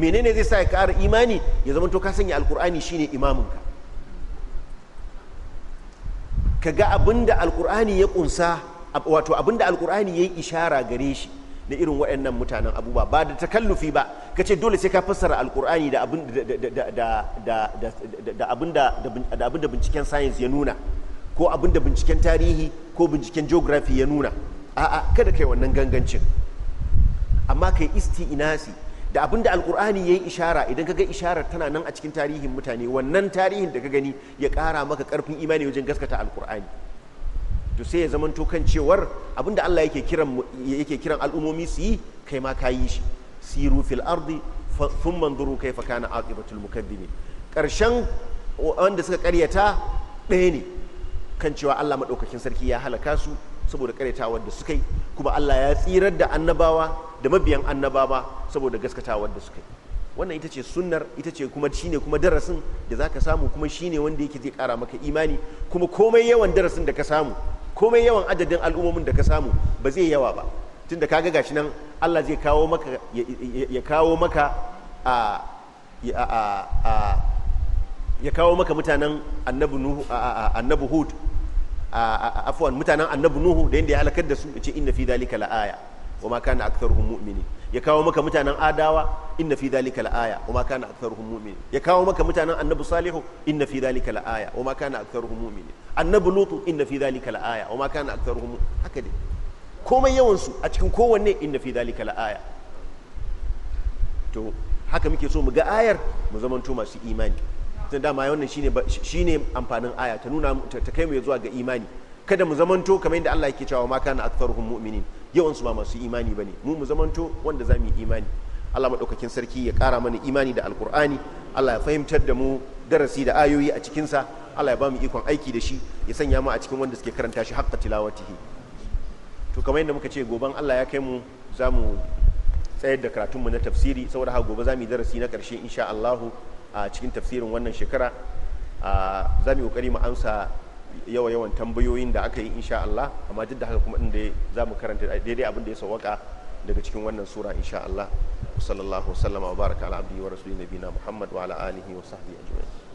menene zai sa ya kara imani ya zama to ka sanya alkur'ani shine imaminka ka ga abinda alkur'ani ya kunsa wato abinda alkur'ani ya yi ishara gare shi na irin waɗannan mutanen abubuwa ba da takallufi ba ka ce dole sai ka fassara alkur'ani da abinda binciken science ya nuna ko abinda binciken tarihi ko binciken geography ya nuna a'a kada kai wannan gangancin amma kai inasi. da abin da alkur'ani ya yi ishara idan ka ga isharar tana nan a cikin tarihin mutane wannan tarihin da ka gani ya kara maka karfin imani wajen gaskata alkur'ani to sai ya zamanto kan cewar abin da Allah yake kiran yake kiran al'umomi su yi kai ma ka yi shi siru fil ardi thumma kai kayfa kana aqibatul karshen wanda suka karyata ɗaya ne kan cewa Allah madaukakin sarki ya halaka su saboda karyatawar da suka yi kuma Allah ya tsirar da annabawa da mabiyan ba saboda gaskatawar da suka yi wannan ita ce sunnar ita ce kuma shine kuma darasin da zaka samu kuma shine wanda yake zai kara maka imani kuma komai yawan darasin da ka samu komai yawan adadin al'ummomin da ka samu ba zai yawa ba tunda ka ga gashi nan Allah zai kawo maka ya kawo maka a ya kawo maka mutanen annabi nuhu annabi hud afwan mutanen annabi nuhu da yanda ya halakar da su ya ce inna fi dhalika la'aya wa ma kana aktharuhum mu'mini ya kawo maka mutanen adawa inna fi dhalika la'aya wa ma kana aktharuhum mu'mini ya kawo maka mutanen annabi salihu inna fi dhalika la'aya wa ma kana aktharuhum mu'mini annabi lutu inna fi dhalika la'aya wa ma kana aktharuhum haka dai komai yawan su a cikin kowanne inna fi dhalika la'aya to haka muke so mu ga ayar mu zamanto masu imani tun ma wannan shine shine amfanin aya ta nuna ta kai mu zuwa ga imani kada mu zamanto kamar inda Allah yake cewa ma kana aktharuhum mu'minin yawansu ba masu imani ba ne mu mu zamanto wanda za mu yi imani Allah maɗaukakin sarki ya kara mana imani da alkur'ani Allah ya fahimtar da mu darasi da ayoyi a cikinsa Allah ya ba mu ikon aiki da shi ya sanya mu a cikin wanda suke karanta shi haqqa tilawatihi to kamar yadda muka ce goban Allah ya kai mu za mu tsayar da karatunmu na tafsiri saboda haka gobe za mu yi darasi na ƙarshe insha Allahu a cikin tafsirin wannan shekara za mu yi ƙoƙari mu amsa yawa yawan tambayoyin da aka yi insha Allah amma duk da haka kuma inda za mu karanta daidai abin da ya sauwaka daga cikin wannan sura insha Allah sallallahu alaihi wa wa baraka ala abdihi wa rasulina nabina Muhammad wa ala alihi wa sahbihi ajma'in